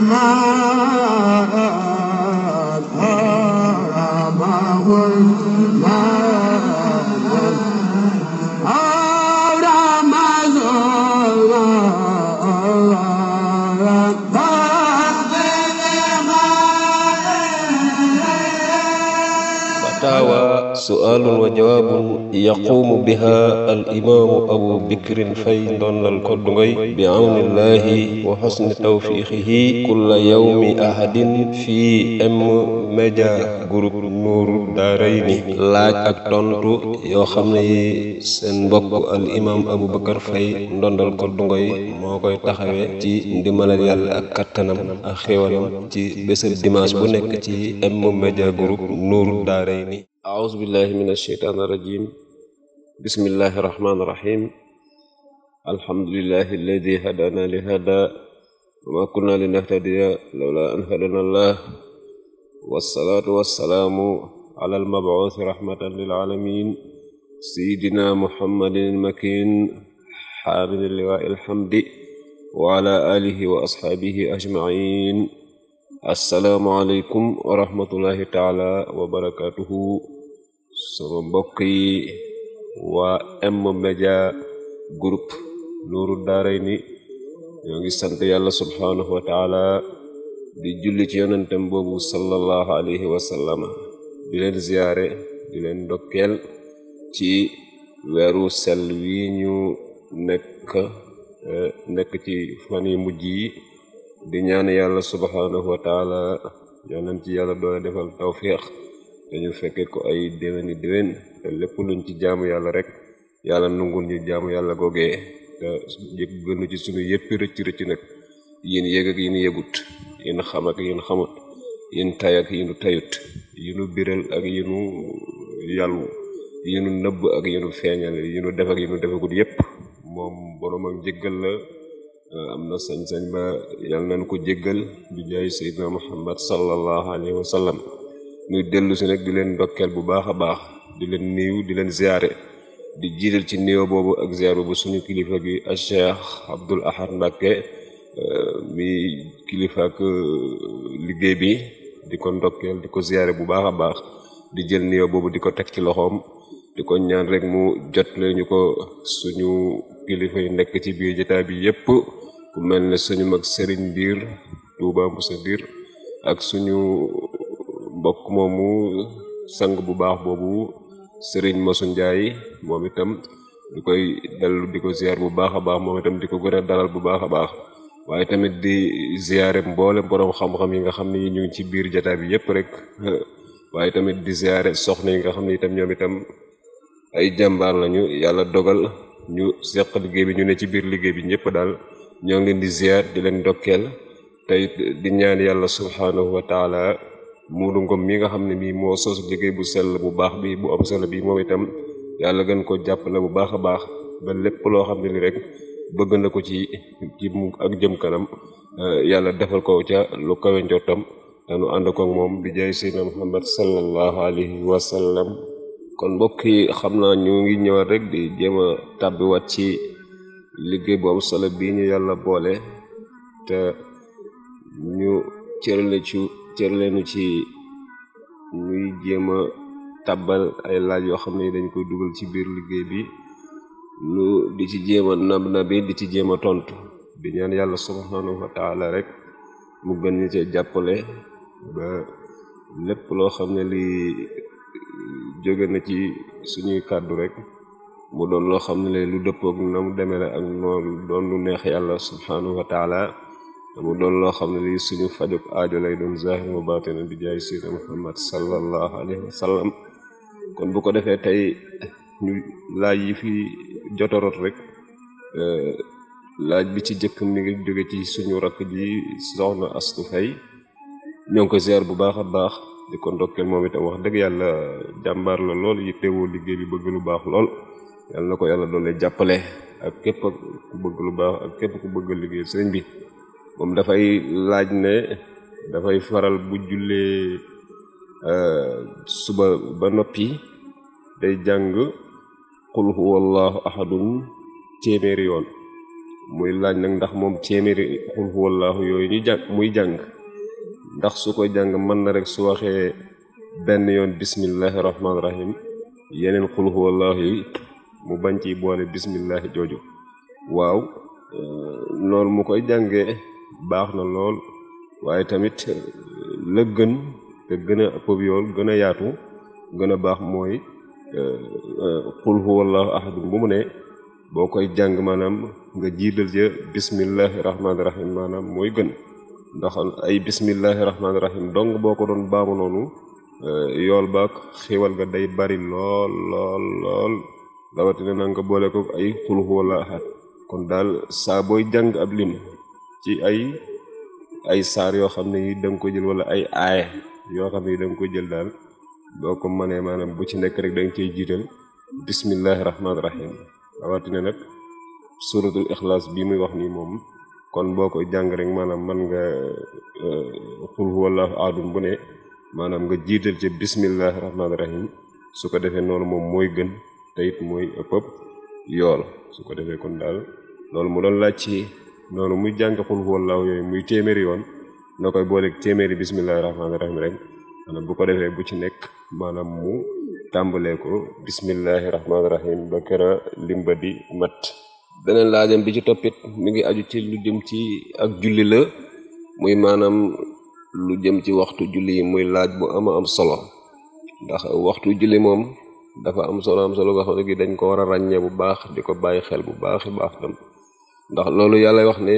ما su'aalun wa jawaabun yaquumu biha al imaamu abu bi awnillahi wa xosni tawfiixihi fii M laaj ak tontu yoo xam ne yi seen mbokk al imaam abu bakar fay ndondal koddu ngoy moo koy taxawee ci ndimbalal yàlla ak kattanam ak xéwalam ci bésëb dimanche bu nekk ci M Media Group Nour Daarayni auzu billahi min alsheytaan irrajim bismillahi irrahmani irrahim alhamdulilahi alladi hadaana li hada wama kunna linahtadiya lawla an hadana allah wassalaatu wassalaamu ala almabuuthi rahmatan lilaalamin sayidina muhammadin almakin xaamili liwaa alhamdi wa ala alihi wa ashaabihi ajmain assalaamu aleykum wa rahmatullahi taala wa barakatuhu sama mbokk yi waa M-Media groupe Nuuru Daarayni ñoo ngi sant yàlla subhaanahu wa taala di julli ci yonentem boobu sallallahu alayhi wa sallam di leen ziyaare di leen ndokkeel ci weeru sell wi ñu nekk eh, nekk ci fan yi mujj yi di ñaan yàlla subhaanahu wa taala ñoo leen ci yàlla doole defal tawfiq dañu fekke ko ay déwéni déwén te lépp luñ ci jaamu yàlla rek yàlla nungul ñu jaamu yàlla googee te jëkk gënu ci suñu yëppi rëcc rëcc nag yéen yëg ak yéen yëgut xamak xam ak yéen xamut yéen tay ak yéenu tayut yéenu biral ak yéenu yàllu yéenu nëbb ak yéenu feeñal yéenu def ak yéenu defagut yépp moom borom ak njëggal la ah, am na sañ-sañ ba yàlla nañ ko jéggal bi jaay seydina muhammad sallallahu alayhi wa sallam ñuy dellu si rek di leen ndokkeel bu baax a baax di leen niiw di leen ziare di jiital ci nuyoo boobu ak ziar boobu suñu kilifa gi ak Cheikh Abdoul Ahad Mbacké euh, kilifa euh, liggéey bi di ko ndokkeel di ko ziare bu baax a baax di jël nuyoo boobu di ko teg ci loxoom di ko ñaan rek mu jot leen ko suñu kilifa yi ndekk ci biir jotaay bi yépp ku mel ne suñu mag Serigne Mbir Touba Moussa Mbir ak suñu mbokk moomu sang bu baax boobu sëriñ Masu jaay moom itam di koy dellu di ko ziar bu baax a baax moom itam di ko gën a bu baax a baax waaye tamit di ziare mboolem boroom xam-xam yi nga xam ne ni ñu ngi ci biir jataay bi yépp rek waaye tamit di ziare soxna yi nga xam ni itam ñoom itam ay jàmbaar lañu yàlla dogal ñu seq liggéey bi ñu ne ci biir liggéey bi ñëpp daal ñoo ngi leen di ziar di leen ndokkeel tey di ñaan yàlla subhaanahu wa taala muudu ngom mi nga xam ne bii moo soosu liggéey bu sell bu baax bi bu am solo bi moom itam yàlla gën ko jàppale bu baax a baax ba lépp loo xam ne ni rek bëgg na ko ci mu ak jëm kanam eh, yàlla defal ko ca lu kawe njortam nu ànd ko moom bi jaay seydina muhammad sallallahu alayhi wa sallam kon mbokk yi xam naa ñu ngi ñëwal rek di jéem a tàbbiwaat ci liggéey bu am solo bii ñu yàlla boole te ñu cërale ci cër leenu ci ñuy jéem a tàbbal ay laaj yoo xam ne dañ koy dugal ci biir liggéey bi lu di ci jéem nab na bi di ci jéem a tontu di ñaan yàlla subhanahu wa rek mu gën ñu ci jàppale ba lépp loo xam ne lii jóge na ci suñuy kàddu rek mu doon loo xam ne lu dëppook na mu demee la ak noonu doon neex yàlla subhanahu wa te mu doon loo xam ne lii suñu fajuk aajo lay doon zahir wa batina bi jaay sayyidina muhammad sallallahu alayhi wa sallam kon bu ko defee tey laaj yi fi jotorot rek e, laaj bi ci jëkk mi ngi jóge ci suñu rakk ji soxna Astu Fay ñoo ngi ko ziar bu baax a baax di ko ndokkeel moom itam wax dëgg yàlla jàmbaar la lool yittewoo liggéey bi bëgg lu baax lool yàlla na ko yàlla doole jàppale ak képp ku bëgg lu baax ak képp ku bëgg liggéey sëriñ bi moom dafay laaj ne dafay faral bu jullee euh, suba ba noppi day jàng qul huwallahu ahadun téeméeri yoon muy laaj nag ndax moom téeméeri qul huwallahu yooyu ñu jàng muy jàng ndax su ko jàng mën na rek su waxee benn yoon bismillahi rahmaani rahim yeneen qul huwallahu yi mu bañ ci boole bismillahi jooju waaw euh, loolu mu koy jàngee baax na lool waaye tamit la gën te gën a pobiyool gën a yaatu gën a baax mooy euh, qul huwallahu ahadun bu mu ne boo koy jàng maanaam nga jiital ja bismillahi rahmaani rahim maanaam mooy gën ndax ay bismillahi rahmaani rahim dong boo ko doon baaxu noonu euh, yool baak xiwal ga day bari lool lool lool rawatina na nga boole ko ay qul huwallahu ahad kon daal saa booy jàng ab lim ci ay ay saar yoo xam ne yi da nga ko jël wala ay aaya yoo xam ne yi da ko jël daal boo ko manee maanaam bu ci nekk rek da nga cey jiital bismillahi rahmaani rahim rawatina nag suratul ixlaas bi muy wax nii moom kon boo ko jàng rek maanaam man nga xul euh, wallaahu aadun bu ne maanaam nga jiital ci bismillahi rahmaani rahim su ko defee noonu moom mooy gën te mooy ëpp yool su ko defee kon daal loolu mu doon laaj ci noonu muy jàng xul wallaahu yooyu muy téeméeri yoon na koy booleeg téeméeri bismillahi rahmaani rahim rek maanaam bu ko defee bu ci nekk maanaam mu tàmbalee ko bismillahi rahmaani rahim ba këra limba di mat beneen laajam bi ci toppit mi ngi aju ci lu jëm ci ak julli la muy maanaam lu jëm ci waxtu julli muy laaj bu ama am solo ndax waxtu julli moom dafa am solo am solo nga xam gi dañ ko war a ràññee bu baax di ko bàyyi xel bu baax baax tam ndax loolu yàlla wax ne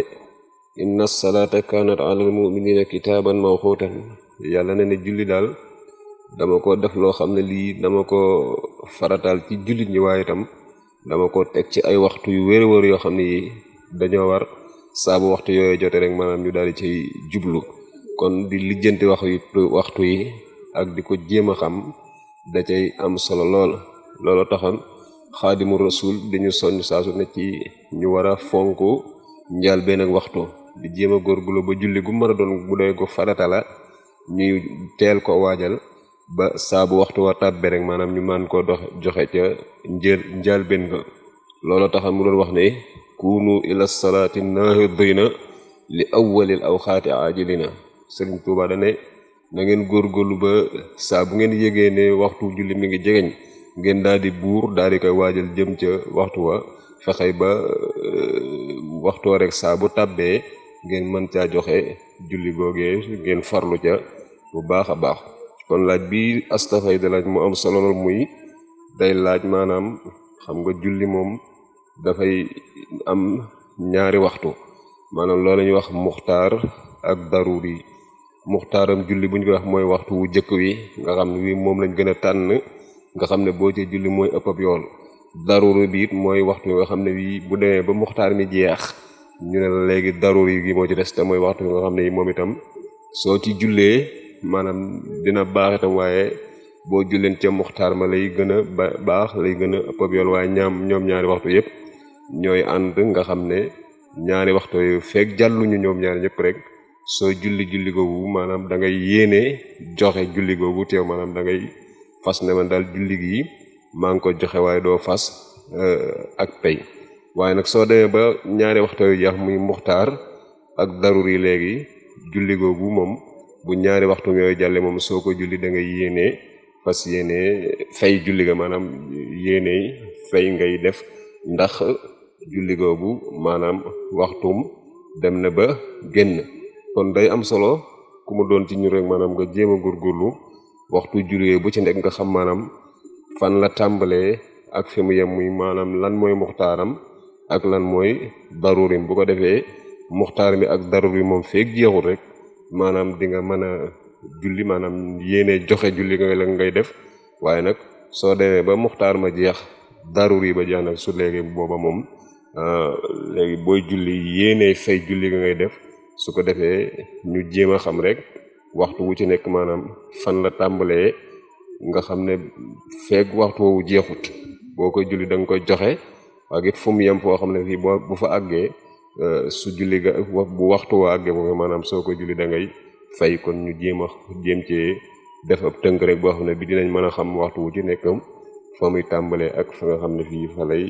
inna salaata kanat alal muminina kitaaban mawquutan yàlla ne ne julli daal dama ko def loo xam ne lii dama ko farataal ci jullit ñi waaye itam dama ko teg ci ay waxtu yu wér wér yoo xam ne yi dañoo war saabu waxtu yooyu jote rek maanaam yu daal di cay jublu kon di lijjanti wax yi waxtu yi ak di ko jéem a xam da cay am solo lool loolu taxoon xaadimu rasul dañu sonn saasu ne ci ñu war a fonk njaal benn ak waxtu di jéem a góorgóorlu ba julli gu mën a doon bu doy ko farata la ñuy teel ko waajal ba saabu waxtu wa tàbbe rek maanaam ñu man koo dox joxe ca njël njaal benn ga loolu taxam mu doon wax ne kunu ila salaati na li awwalil awxaati aajilina sëriñ Tuubaa dane na ngeen góorlu ba saa bu ngeen yégee ne waxtu julli mi ngi jegeñ ngeen daal di buur daal di koy waajal jëm ca waxtu wa fexe ba euh, waxtu wa rek saa bu tàbbee ngeen mën caa joxe julli googee ngeen farlu ca bu baax a baax kon laaj bi astafay da laaj mu am solo muy day laaj maanaam xam nga julli moom dafay am ñaari waxtu maanaam loolu ñuy wax muxtaar ak daruri muxtaaram julli bu ñu koy wax mooy waxtu wu jëkk wi nga xam ne wi moom lañ gën a tànn nga xam ne boo ci julli mooy ëpp ab yool daruri bi mooy waxtu nga xam ne bii bu demee ba muxtaar mi jeex ñu ne la léegi yi gi moo ci des te mooy waxtu nga xam ne yi moom itam soo ci jullee maanaam dina baax waaye boo julleen ca muxtaar ma lay gën a baax lay gën a ëpp yool waaye ñaam ñoom ñaari waxtu yëpp ñooy ànd nga xam ne ñaari waxtu yu fekk jàlluñu ñoom ñaari ñëpp rek soo julli julli googu maanaam da ngay yéene joxe julli googu teew maanaam da ngay fas ne man daal julli gi maa ngi ko joxe waaye doo fas eh, ak pay waaye nag soo demee ba ñaari waxtu yu jeex muy muxtaar ak daruri léegi julli googu moom bu ñaari waxtu yooyu jàlle moom soo ko julli da yéene yéenee fas yéene fay julli ga maanaam yéenee fay ngay def ndax julli googu maanaam waxtum dem na ba génn kon day am solo ku doon ci ñu rek maanaam nga jéem a góorgóorlu waxtu julli bu ci nekk nga xam maanaam fan la tàmbalee ak fi mu yem muy maanaam lan mooy muxtaaram ak lan mooy darurim bu ko defee muxtaar mi ak daruri moom feeg jeexul rek maanaam di nga mën a julli maanam yéene joxe julli nga la ngay def waaye nag soo demee ba muxtaar ma jeex daruri ba jeex nag su léegi booba moom euh, léegi booy julli yéene fay julli nga ngay def su ko defee ñu jéem a xam rek waxtu wu ci nekk maanaam fan la tàmbalee nga xam ne feeg waxtu woowu jeexut boo koy julli da nga koy joxe ak it fu mu foo xam ne fii boo bu fa àggee euh, su julli ga bu waxtu woo àggee boobu maanaam soo ko julli da fay kon ñu jéem a jéem cee def boo xam ne bi dinañ mën a xam waxtu wu ci nekkam fa muy tàmbalee ak fa nga xam ne fii fa lay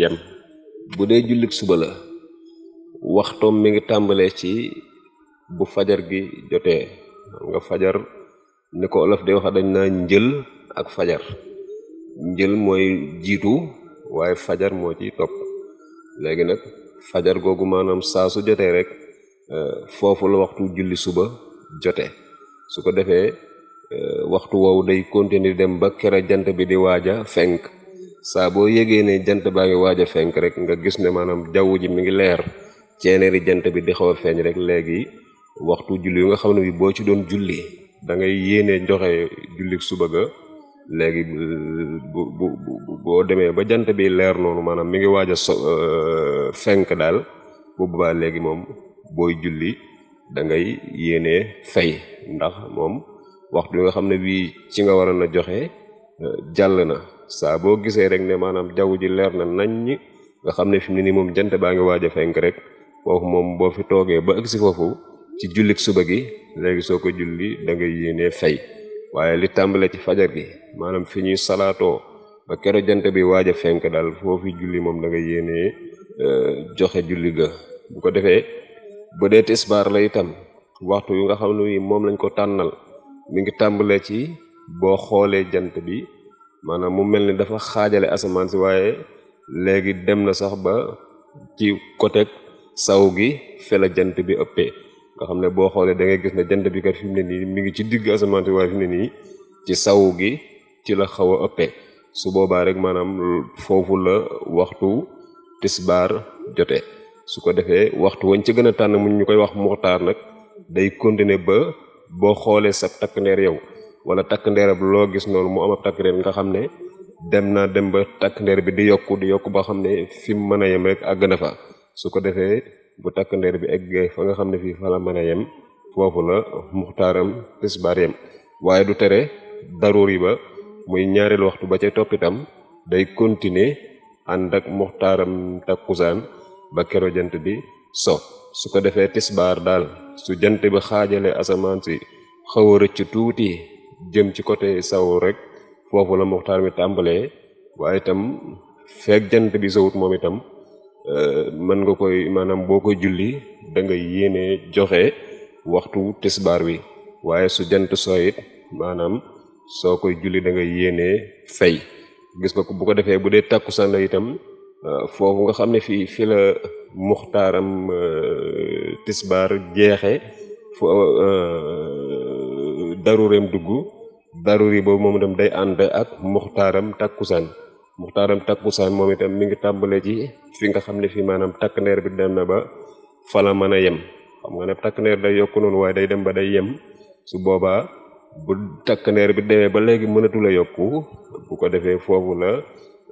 yem bu dee jullik suba la waxtoom mi ngi tàmbalee ci bu fajar gi jotee xam nga fajar ni ko olof de waxa dañ naa njël ak fajar njël mooy jiitu waaye fajar moo ci topp léegi nag fajar googu maanaam saa su jotee rek euh, foofu la waxtu julli suba jote su ko defee euh, waxtu woowu day continuer dem ba kere jant bi di waaja fenk saa boo yégee ne jant baa ngi waaja fenk rek nga gis ne maanaam jaww ji mi ngi leer ceeneeri jant bi di xaw a feeñ rek léegi waxtu julli yu nga xam ne bi boo ci doon julli dangay yéene joxe julli suba ga léegi bu boo demee ba jant bi leer noonu maanaam mi ngi waaj a so euh, fenk daal bu boobaa léegi moom booy julli da ngay yéenee fay ndax moom waxtu yu nga xam ne bii ci nga waroon a joxe euh, jàll na saa boo gisee rek ne maanaam jaww ji leer na naññ nga xam ne fi mu ne nii moom jant baa ngi waaj a fenk rek foofu moom boo fi toogee ba ëgg si foofu ci jullik suba gi léegi soo ko julli da nga yéenee fay waaye li tàmbale ci fajar gi maanaam fi ñuy salaatoo ba kero jant bi waaja a fenk daal foofu julli moom da nga yéenee joxe julli bu ko defee bu dee tisbaar la itam waxtu yu nga xam ne moom lañ ko tànnal mu ngi tàmbale ci boo xoolee jant bi maanaam mu mel ni dafa xaajale asamaan si waaye léegi dem na sax ba ci côté saw gi fela jant bi ëppee nga xam ne boo xoolee dangay gis ne jant bi kat fi mu ne nii mu ngi ci digg asamaan si waaye fi ne nii ci saw gi ci la xaw a ëppee su boobaa rek maanaam foofu la waxtu tisbaar jote su ko defee waxtu wañ ci gën a tànn mu ñu koy wax muxtaar nag day continuer ba boo xoolee sa takk ndeer yow wala takk ndeerab loo gis noonu mu am ab takk ndeer nga xam ne dem naa dem ba takk ndeer bi di yokk di yokku ba xam ne fi mu mën a yem rek àgg na fa su ko defee bu takk ndeer bi eggee fa nga xam ne fii fa la mën yem foofu la muxtaaram tisbaar yem waaye du tere daroor yi ba muy ñaareelu waxtu ba ca toppitam day continuer ànd ak muxtaaram takkusaan ba kero jant bi so su ko defee tisbaar daal su jant bi xaajale asamaan si xaw a rëcc tuuti jëm ci côté saw rek foofu la muxtaar mi tàmbalee waaye itam feeg jant bi sowut moom itam Euh, mën nga koy maanaam boo ko julli da nga yéene joxe waxtu tisbaar wi waaye su jant soo it maanaam soo koy julli da nga yéene fay gis nga ko bu ko defee bu dee tàkkusaan la itam euh, foofu nga xam ne fii fi la muxtaaram euh, tisbaar jeexe fo darureem dugg daruri boobu moom itam day ànd ak muxtaaram tàkkusaan muxtaaram takkusaan moom itam mu ngi tàmbalee ji fi nga xam ne fi maanaam takk bi dem na ba fala mën a yem xam nga ne takk ndeer yokk noonu waaye day dem ba day yem su boobaa bu takk bi demee ba léegi mënatul a yokku bu ko defee foofu la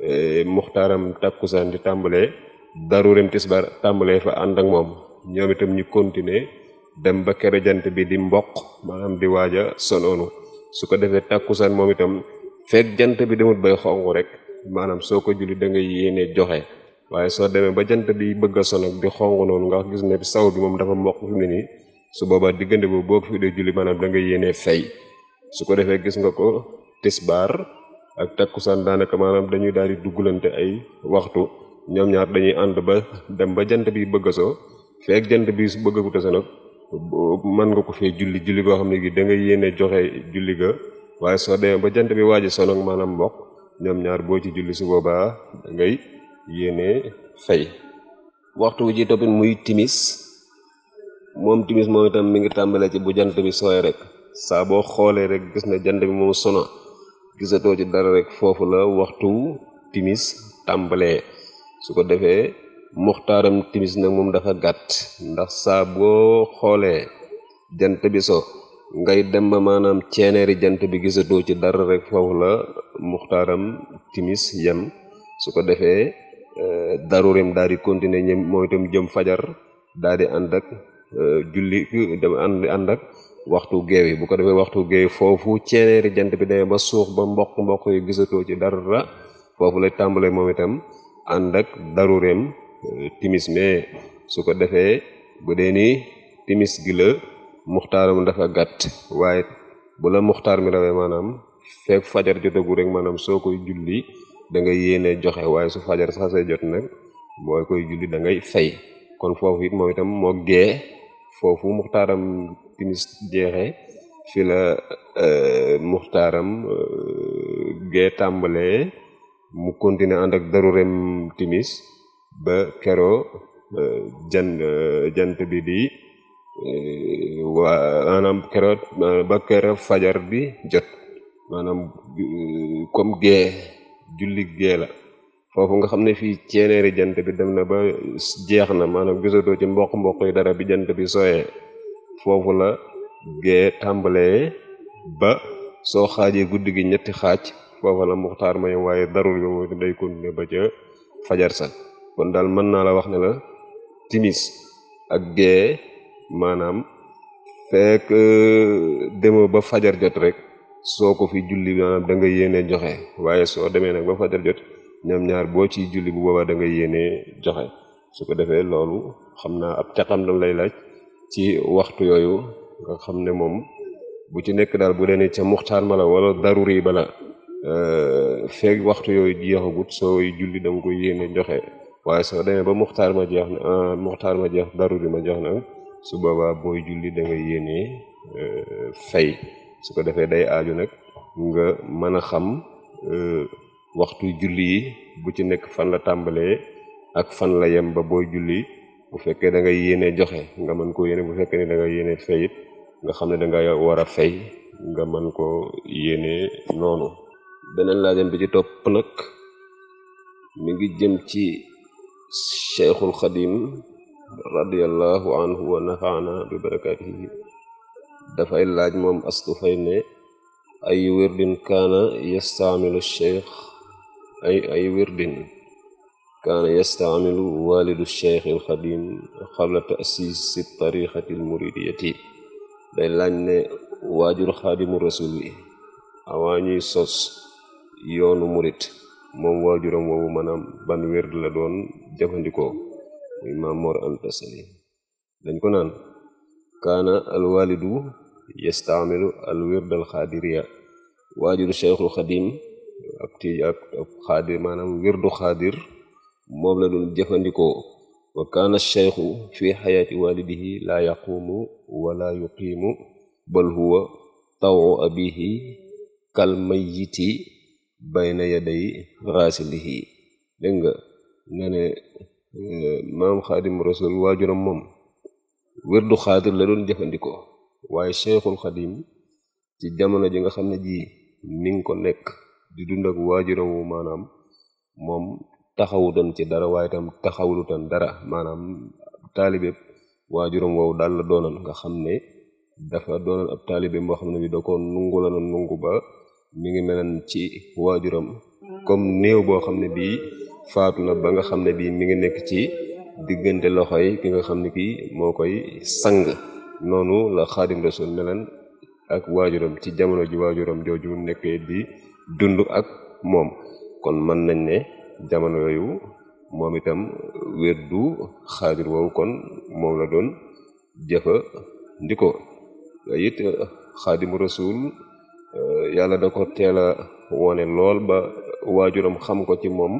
e, muxtaaram takkusaan di tàmbale darurim tisbar tàmbalee fa ànd ak moom ñoom itam ñu continuer dem ba kere jant bi di mboq maanaam di waaj a sonoonu su ko defee takkusaan moom itam fekk jant bi demut bay xonq rek maanaam soo ko julli da nga yéene joxe waaye soo demee ba jant bi bëgg a sonog di xong noonu nga gis ne saw bi moom dafa mokk fi mu su boobaa diggante boobu boo ko dee julli maanaam da nga yéene fay su ko defee gis nga ko tisbaar ak takkusaan daanaka maanaam dañuy daal di duggalante ay waxtu ñoom ñaar dañuy ànd ba dem ba jant bi bëgg soo feek jant bi bëggagut a sonog mën nga ko fee julli julli goo xam ne gi da nga yéene joxe julli ga waaye soo demee ba jant bi waaji sonog maanaam mokk ñoom ñaar boo ci julli su boobaa da yéene fay waxtu wu ci toppit muy timis moom timis moom itam mi ngi tàmbalee ci bu jant bi sooy rek saa boo xoolee rek gis na jant bi moom sono gisatoo ci dara rek foofu la waxtu timis tàmbalee su ko defee muxtaaram timis nag moom dafa gàtt ndax saa boo xoolee jant bi soo ngay dem ba maanaam ceeneeri jant bi gisatoo ci dara rek foofu la muxtaaram timis yem su ko defee eh, darurim daal di continuer ñëm moom itam jëm fajar daal di ànd ak eh, julli dem ànd ànd ak waxtu géew bu ko defee waxtu géew foofu ceeneeri jant bi demee ba suux ba mboq mboq yi gisatoo ci dara foofu lay tàmbalee moom itam ànd ak darureem eh, timis mais su ko defee bu dee ni timis gi la muxtaaram dafa gàtt waaye bula la muxtaar mi rawee maanaam fekk fajar jotagu rek maanaam soo koy julli da ngay yéene joxe waaye su fajar xasee jot nag boo koy julli da ngay fay kon foofu it moo gee muxtaaram timis jeexee fi la euh, muxtaaram euh, gee tàmbalee mu continuer ànd ak darurem timis ba kero euh, jan jant bi waa maanaam keroog ba keroog fajar bi jot maanaam comme gee julli gee la foofu nga xam ne fii ceeneeri jant bi dem na ba jeex na maanaam gisatoo ci mboq mboq yi dara bi jant bi sooyee foofu la gee tàmbalee ba soo xaajee guddi gi ñetti xaaj foofa la muxtaar may waaye darul bi mooy day continuer ba ca fajar sa kon daal mën naa la wax ne la timis ak gee maanaam fekk demoo ba fajar jot rek soo ko fi julli maanaam da nga yéene joxe waaye soo demee nag ba fajar jot ñam ñaar boo ciy julli bu boobaa da yéene joxe su ko defee loolu xam naa ab caqam la lay laaj ci waxtu yooyu xam ne moom bu ci nekk daal bu dee ca muxtaar ma la wala daruri bala la euh, feeg waxtu yooyu jeexagut soo julli da nga koy yéene joxe waaye soo demee ba muxtaar ma jeex na euh, muxtaar ma jeex daruri ma jeex na su boobaa booy julli da nga yéenee euh, su ko defee day aaju nag nga mën a xam euh, waxtu julli yi bu ci nekk fan la tàmbalee ak fan la yem ba booy julli bu fekkee da nga yéenee joxe nga mën koo yéene bu fekkee ne da nga yéene nga xam ne da nga war a fay nga mën koo yéenee noonu beneen laajam bi ci topp nag mi ngi jëm ci cheikhul xadim radiallahu anhu wa nafaana bi barakatihi dafay laaj moom astufay ne ay wirdin kaana yastaamilu cheikh ay ay wirdin kaana yastaamilu walidu cheikh il xadim xabla taasiisi tariqati l muridiyati day laaj ne waajur xaadimu rasul bi awaa sos yoonu murit moom waajuram woowu ban wird la doon jëfandikoo muy maam Mor Anta Sali dañ ko naan kaana alwalidu yastaamilu al wirdal xaadiriya waajuru cheikhul xadim ab ti ak ab xaadir maanaam wirdu xaadir la doon jëfandikoo wa fi xayaati walidihi laa wala yuqiimu bal huwa tawu abihi kal mayyiti bayna yaday raasilihi dégg nga maam xaadim rasul waajuram moom wirdu xaadir la doon jëfandikoo waaye cheikhul xadim ci jamono ji nga xam ne ji mi ngi ko nekk di dund ak waajuram wu maanaam moom taxawutan ci dara waaye tam taxawulutan dara maanaam taalibe waajuram woowu daal la doonoon nga xam ne dafa doonoon ab taalibe boo xam ne bi da ko nungu la noon nungu ba mi ngi meloon ci waajuram mm. comme néew boo xam ne bii faatu na ba nga xam ne bii mi ngi nekk ci diggante loxo yi ki nga xam ne kii moo koy sang noonu la xaadim rasul melan ak waajuram ci jamono ji waajuram jooju nekkee di dund ak moom kon mën nañ ne jamono yooyu moom itam wérdu xaadir woowu kon moom la doon jëfa ndi ko it euh, xaadim rasul euh, yàlla da ko teel a wone lool ba waajuram xam ko ci moom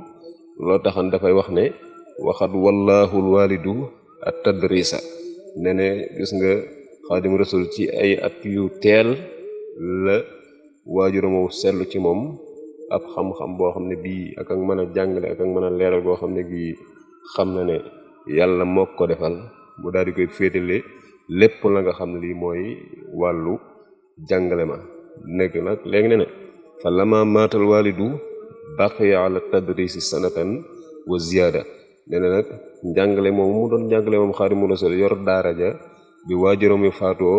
loo taxan dafay wax ne waxat wallahul walidu at tadrisa ne ne gis nga xaadim rasul ci ay at yu teel la waajuramoo seetlu ci moom ab xam-xam boo xam ne bii ak ak mën a jàngale ak ak mën a leeral boo xam ne bii xam na ne yàlla mook ko defal mu daal di koy féetale lépp la nga xam ne lii mooy wàllu jàngale ma nekk nag léegi ne ne fa lama maatal walidu baqiya ala tadrisi sanatan wa ziyada nee na nag njàngale moom mu doon njàngale moom Xaadimu Rasuul yor daara ja bi waajuram yu faatoo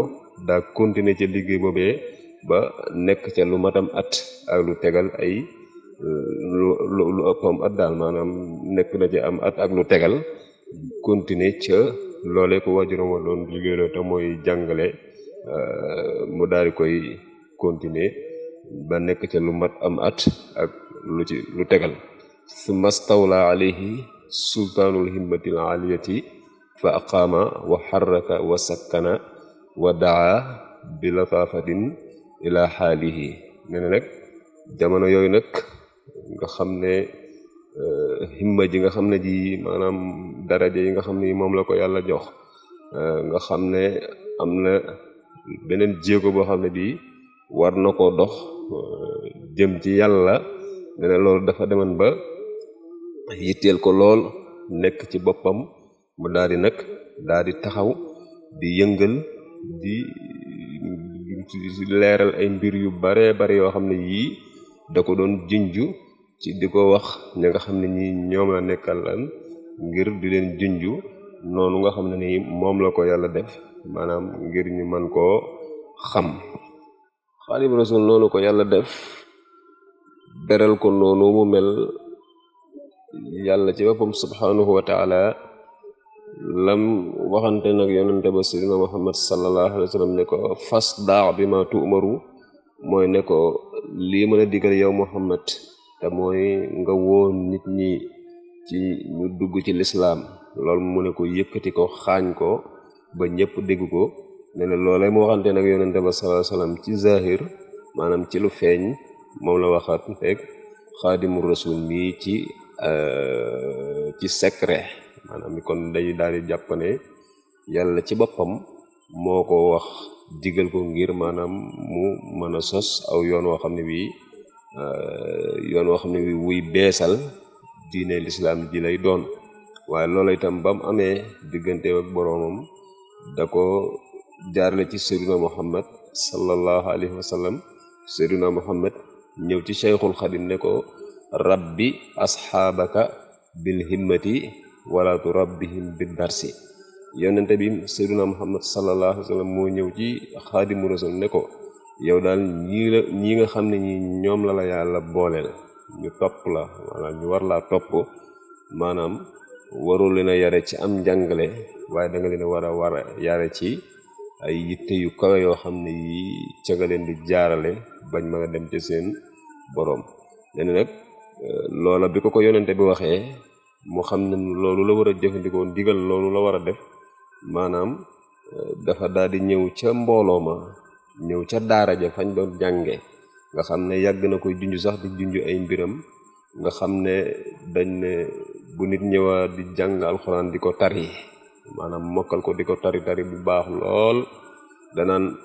daa continuer ca liggéey ba nekk ca lu matam at ak lu tegal ay lu at daal maanaam nekk na ca am at ak lu tegal continuer ca loolee ko waajuram wa doon liggéeyloo te mooy jàngale euh, mu daal koy continuer ba nekk ca lu mat am at lu ci lu tegal summa stawla alayhi sultaanul himmatil aliyati fa aqaama wa xarraka wa sakkana wa daa bi lataafatin ila xaalihi nee na nag jamono yooyu nag nga xam ne euh, himma ji nga xam ne ji maanaam daraja yi nga xam ne yi moom la ko yàlla jox euh, nga xam ne am na beneen jéego boo xam ne bi war na koo dox euh, jëm ci yàlla nee loolu dafa demoon ba yitteel ko lool nekk ci boppam mu daal nag daldi taxaw di yëngal di leeral ay mbir yu bare bare yoo xam ne yii da ko doon junju ci di ko wax ñi nga xam ne ñi ñoom la nekkal lan ngir di leen junju noonu nga xam ne nii moom la ko yàlla def maanaam ngir ñu man koo xam xaadim rasul noonu ko yàlla def beral ko noonu mu mel yàlla ci boppam subhanahu wa taala lam waxante nag yonente ba sidina muhammad sallallahu alayhi wa sallam ne ko fas daax bi ma tuumaru mooy ne lii mën a digal yow muhammad te mooy nga woon nit ñi ci ñu dugg ci lislaam loolu mu ne ko yëkkati ko xaañ ko ba ñëpp dégg ko ne ne loolee mu waxante nag yonente ba sallallahu alayhi wa ci zahir maanaam ci lu feeñ moom la waxaat fekk xaadimu rasul mi ci euh, ci secret maanaam kon dañu daal di jàppane yàlla ci boppam moo ko wax digal ko ngir maanaam mu mën a sos aw yoon woo xam ne bii euh, yoon woo xam ne bii wuy beesal diine lislaam ji lay doon waaye loola itam ba mu amee diggante ak boroomam da ko jaarle ci seyduna muhammad sallallahu alayhi wa sallam seyduna muhammad ñëw ci cheikhul xadim ne ko rabbi asxaabaka bil himmati wala turabbihim bid darsi yonente bi sayyiduna muhammad sallallahu alayhi wa sallam moo ñëw ci xaadimu rasul ne ko yow daal ñii la ñii nga xam ne ñi ñoom la la yàlla booleel ñu topp la maanaam ñu war laa topp maanaam warul leen a yare ci am njàngale waaye da leen war a war a yare ci ay yitte yu kawe yoo xam ne yi ca leen di jaarale bañ mën a dem ca seen boroom nee na euh, loola bi ko ko yonente bi waxee moo xam ne loolu la war a jëfandikoo ndigal loolu la war a def maanaam euh, dafa daal di ñëw ca mbooloo ma ñëw ca daara ja fañ doon jànge nga xam ne yàgg na koy junj sax di junj ay mbiram nga xam ne dañ ne bu nit ñëwaa di jàng alxuraan di ko tari maanaam mokkal ko di ko tari tari bu baax lool danaan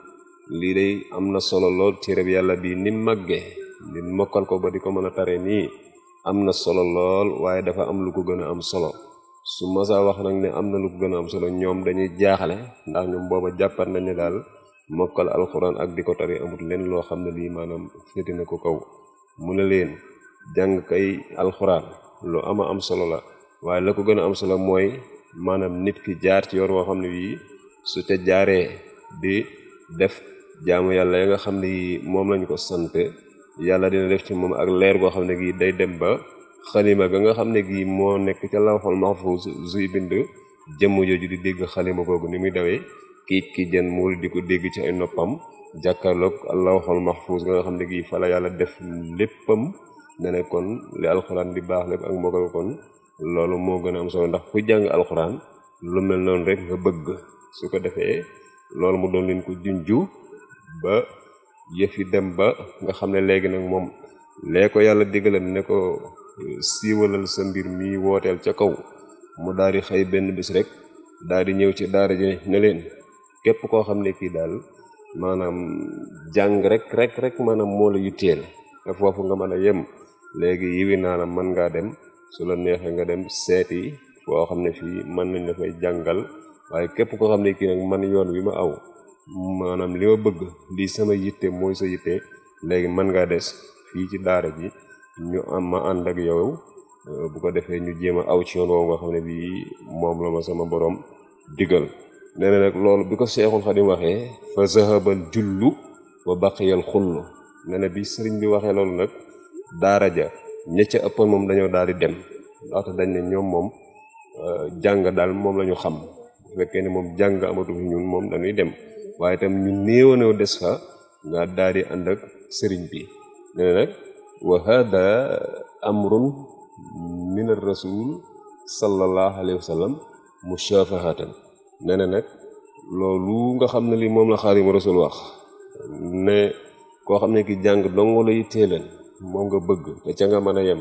lii de am na solo lool téere bi yàlla bii ni maggee ni mokkal ko ba di ko mën a tare nii am na solo lool waaye dafa am lu ko gën a am solo su masa wax nag ne am na lu gën a am solo ñoom dañuy jaaxale ndax ñoom booba jàppat nañ ne daal mokkal alxuraan ak di ko tari amut leen loo xam ne lii maanaam féete na ko kaw mu ne leen jàng kay alxuraan lu ama am solo la waaye la ko gën a am solo mooy maanaam nit ki jaar ci yor woo xam ne wii su te jaaree di def jaamu yàlla ya nga xam ne yii moom lañ ko sante yàlla dina def ci moom ak leer goo xam ne gii day dem ba xalima ga nga xam ne gii moo nekk ci ca lawxul mahfuz suy bind jëmm jooju di dégg xalima googu ni muy dawee kii kii jën muul di ko dégg ci ay noppam jàkkaarloog lawxul mahfuz nga nga xam ne gii fa yàlla def léppam ne ne kon li alxuraan di baax lépp ak mbogal kon loolu moo gën a am solo ndax ku jàng alxuraan lu mel noonu rek nga bëgg su ko defee loolu mu doon leen ko junju ba yëfi dem ba nga xam ne léegi nag moom lee ko yàlla diggalan ne ko siiwalal sa mbir mi wooteel ca kaw mu daal di xëy benn bis rek daal di ñëw ci daara ji ne leen képp koo xam ne kii daal maanaam jàng rek rek rek maanaam moo la yitteel te foofu nga mën a yem léegi yiwi naa mën ngaa dem su la neexee nga dem seeti foo xam ne fii mën nañ la fay jàngal waaye képp koo xam ne kii nag man yoon wi ma aw maanaam li ma bëgg lii sama yitte mooy sa yitte léegi mën ngaa des fii ci daara ji ñu am ma ànd ak yow euh, bu ko defee ñu jéem a aw ci yoon woowu nga xam ne bii moom la ma sama borom digal nee loolu bi ko Seexul Xadim waxee fa zahabal jullu wa baqiyal xullu nee na bi sëriñ bi waxee loolu nag daara ja ña ca moom dañoo daal di dem ndaxte dañ ne ñoom moom euh, jàng daal moom la ñu xam bu fekkee ne moom jàng amatu fi ñun moom dañuy dem waaye itam ñu néewanoo des fa nga daal di ànd ak sëriñ bi ne nag wa hada amrun min ar rasul sallallahu alayhi wa sallam mushafahatan ne na loolu nga xam ne lii moom la xaadimu rasul wax ne koo xam ne ki jàng dongo lay téeleen moom nga bëgg te ca nga mën a yem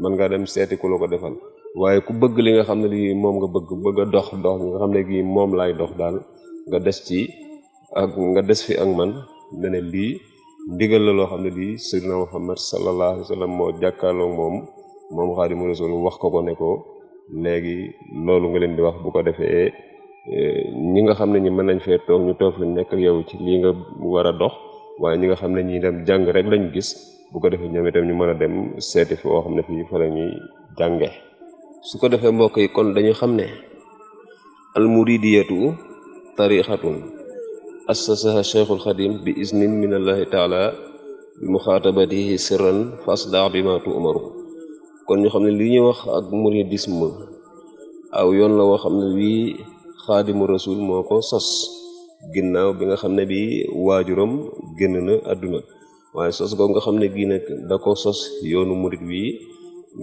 mën nga dem seeti ku la ko defal waaye ku bëgg li nga xam ne lii moom nga bëgg bëgg a dox dox nga xam ne gii moom laay dox daal nga des ci ak nga des fi ak man meneen ne lii ndigal la loo xam ne lii sayyidina Muhammad sallallahu alayhi wa sallam moo jàkkaarloo moom moom mu Rasuul wax ko ko ne ko léegi loolu nga leen di wax bu ko defee eh, ñi nga xam ne ñi mën nañ fee toog ñu toog fi nekk yow ci lii nga war a dox waaye ñi nga xam ne ñi dem jàng rek lañu gis bu ko defee ñoom itam ñu mën a dem seeti fi woo xam ne fii fa la ñuy jànge su ko defee mbokk yi kon dañu xam ne almuridiyatu tariqatun assasaha cheikhul xadim bi iznin min allahi taala bi muxaatabatihi sirran fasda bi ma tu'maru kon ñu xam ne li ñuy wax ak muridisme aw yoon la woo xam ne wii xaadimu rasul moo ko sos ginnaaw bi nga xam ne bi waajuram génn na àdduna waaye sos googu nga xam ne gii nag da ko sos yoonu murit wi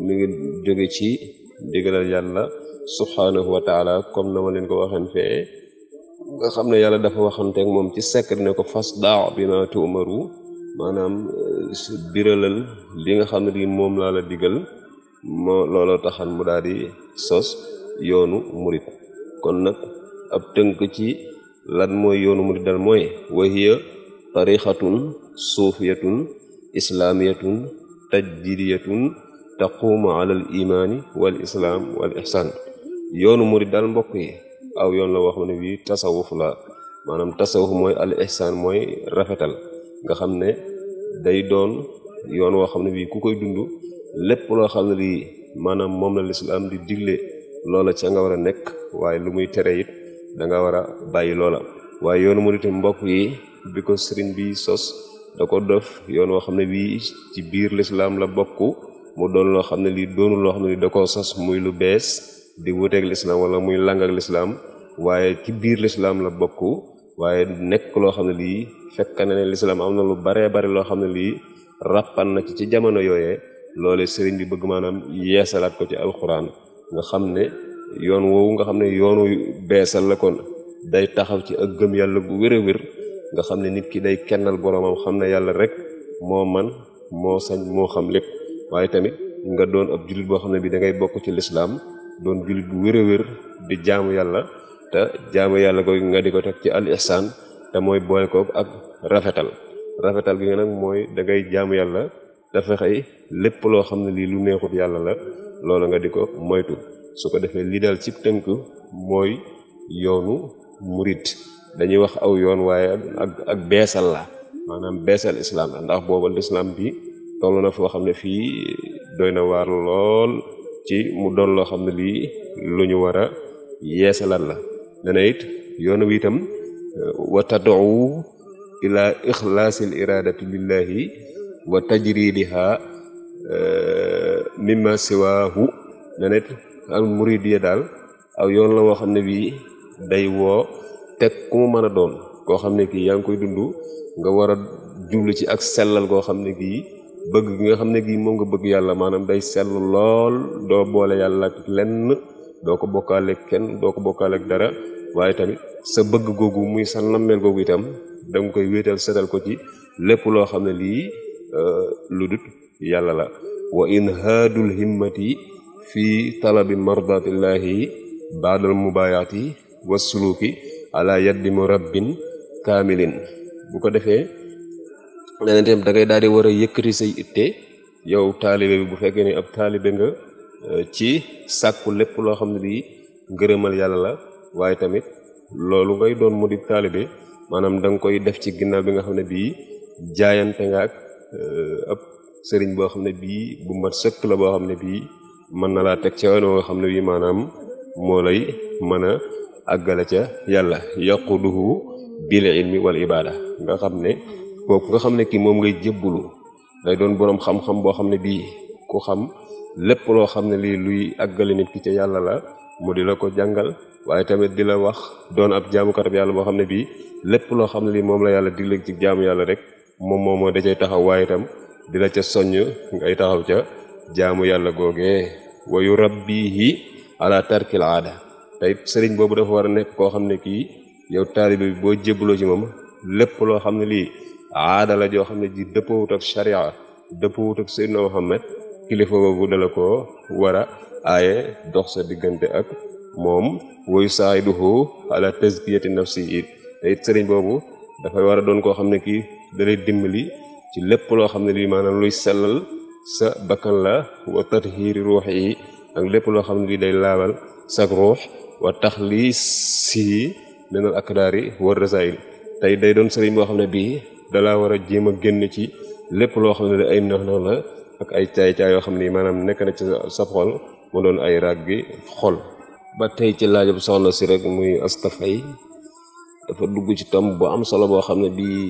mi ngi jóge ci ndigalal yàlla subhanahu wa taala comme na ma leen ko waxeen fee nga xam ne yàlla dafa waxanteeg moom ci secret ne ko fas daa bi ma tuumaru maanaam biralal li nga xam ne di moom laa la digal moo looloo taxan mu daal di sos yoonu murit kon nag ab tënk ci lan mooy yoonu murit dal mooy wahiya tarixatun suufiyatun islaamiyatun tajdidiyatun taquumu alal imaani wal islaam wal ihsaan yoonu murid daal mbokk yi aw yoon la wax ne bii tasawuf la maanaam tasawuf mooy al ihsaan mooy rafetal nga xam ne day doon yoon woo xam ne bii ku koy dund lépp loo xam ne lii maanaam moom la lislaam di digle loola ca nga war a nekk waaye lu muy tere yit da nga war a bàyyi loola waaye yoonu murid mbokk yi bi ko sëriñ bi sos da ko def yoon woo xam ne bii ci biir lislaam la bokk mu doon loo xam ne lii doonul loo xam ne lii da koo sos muy lu bees di wuteeg lislaam wala muy lang ak lislaam waaye ci biir lislaam la bokk waaye nekk loo xam ne lii fekk na ne lislaam am na lu baree bari loo xam ne lii ràppan na ci ci jamono yooyee loole sëriñ bi bëgg maanaam yeesalaat ko ci alxuraan nga xam ne yoon woowu nga xam ne yoonu beesal la kon day taxaw ci ak gëm yàlla bu wér nga xam ne nit ki day kennal boromam xam ne yàlla rek moo man moo sañ moo xam lépp waaye tamit nga doon ab jullit boo xam ne bii dangay ngay bokk ci lislaam doon jullit bu wér wér di jaamu yàlla te jaamu yàlla ko nga di ko teg ci al ihsaan te mooy boole ko ak rafetal rafetal gi nga nag mooy da ngay jaamu yàlla te lépp loo xam ne lii lu neexut yàlla la loolo nga di ko moytu su ko defee lii daal ci tënk mooy yoonu murit dañuy wax aw yoon waaye ak ak beesal la maanaam beesal islam la ndax booba lislaam bi toll na foo xam ne fii doy na waar lool ci mu doon loo xam ne lii lu ñu war a yeesalat la dana it yoon wi itam euh, wa tad'u ila ixlaasil iradati lillahi wa tajridiha euh, mimma siwaahu dana it al daal aw yoon la woo xam ne bii day wo teg ku mu mën a doon koo xam ne kii yaa ngi koy dund nga war a jublu ci ak sellal goo xam ne gii bëgg gi nga xam ne kii moom nga bëgg yàlla maanaam day sell lool doo boole yàlla ak lenn doo ko bokkaale kenn doo ko bokkaale ak dara waaye tamit sa bëgg googu muy sa nammeel googu itam danga koy wéetal setal ko ci lépp loo xam ne lii euh, lu dut yàlla la wa in haadul himmati fi talabi mardatillahi baadal mubayaati wa suluki ala yaddi murabbin kaamilin bu ko defee leneen itam da ngay daal di war a yëkkati say itte yow taalibe bi bu fekkee ni ab taalibe nga eh, ci sàkku lépp loo xam ne bii ngërëmal yàlla la waaye tamit loolu ngay doon mu di taalibe maanaam da nga koy def ci ginnaaw bi nga xam ne bii jaayante nga ak eh, ab sëriñ boo xam ne bii bu mat sëkk la boo xam ne bii mën na laa teg ci yoon woo xam ne bii maanaam moo lay mën àggale ca yàlla yaquduhu bil ilmi wal ibada nga xam ne kooku nga xam ne kii moom ngay jébbulu day doon boroom xam-xam boo xam ne bii ku xam lépp loo xam ne lii luy àggale nit ki ca yàlla la mu di la ko jàngal waaye tamit di la wax doon ab jaamukatab yàlla boo xam ne bii lépp loo xam ne lii la yàlla digle ci jaamu yàlla rek moom moom moo da cay taxaw waaye ca soññ ngay taxaw ca jaamu yàlla googe wayu rabbihi ala tarkil aada tey sëriñ boobu dafa war a nekk koo xam ne kii yow taalibe boo jébbaloo ci moom lépp loo xam ne lii aada joo xam ne ji dëppoowut ak sharia dëppoowut ak Seydina Muhammad kilifa boobu dala ko war a aaye dox sa diggante ak moom wayu saayiduhu ala tazkiyati nafsi yi te boobu dafay war a doon koo xam ne kii dalay dimbali ci lépp loo xam ne lii maanaam luy sellal sa bakkan la wa tathiiri ruux yi ak lépp loo xam ne lii day laabal sag ruux wa taxliisihi minal akraari wa rasail tey day doon sëriñ boo xam ne bii dalaa war a jéem a génn ci lépp loo xam ne ay nax nax la ak ay caay caay yoo xam ni maanaam nekk na ci sa xol mu doon ay rag bi xol ba tey ci laajo laajub soxna si rek muy astafay dafa dugg ci tam boo am solo boo xam ne bii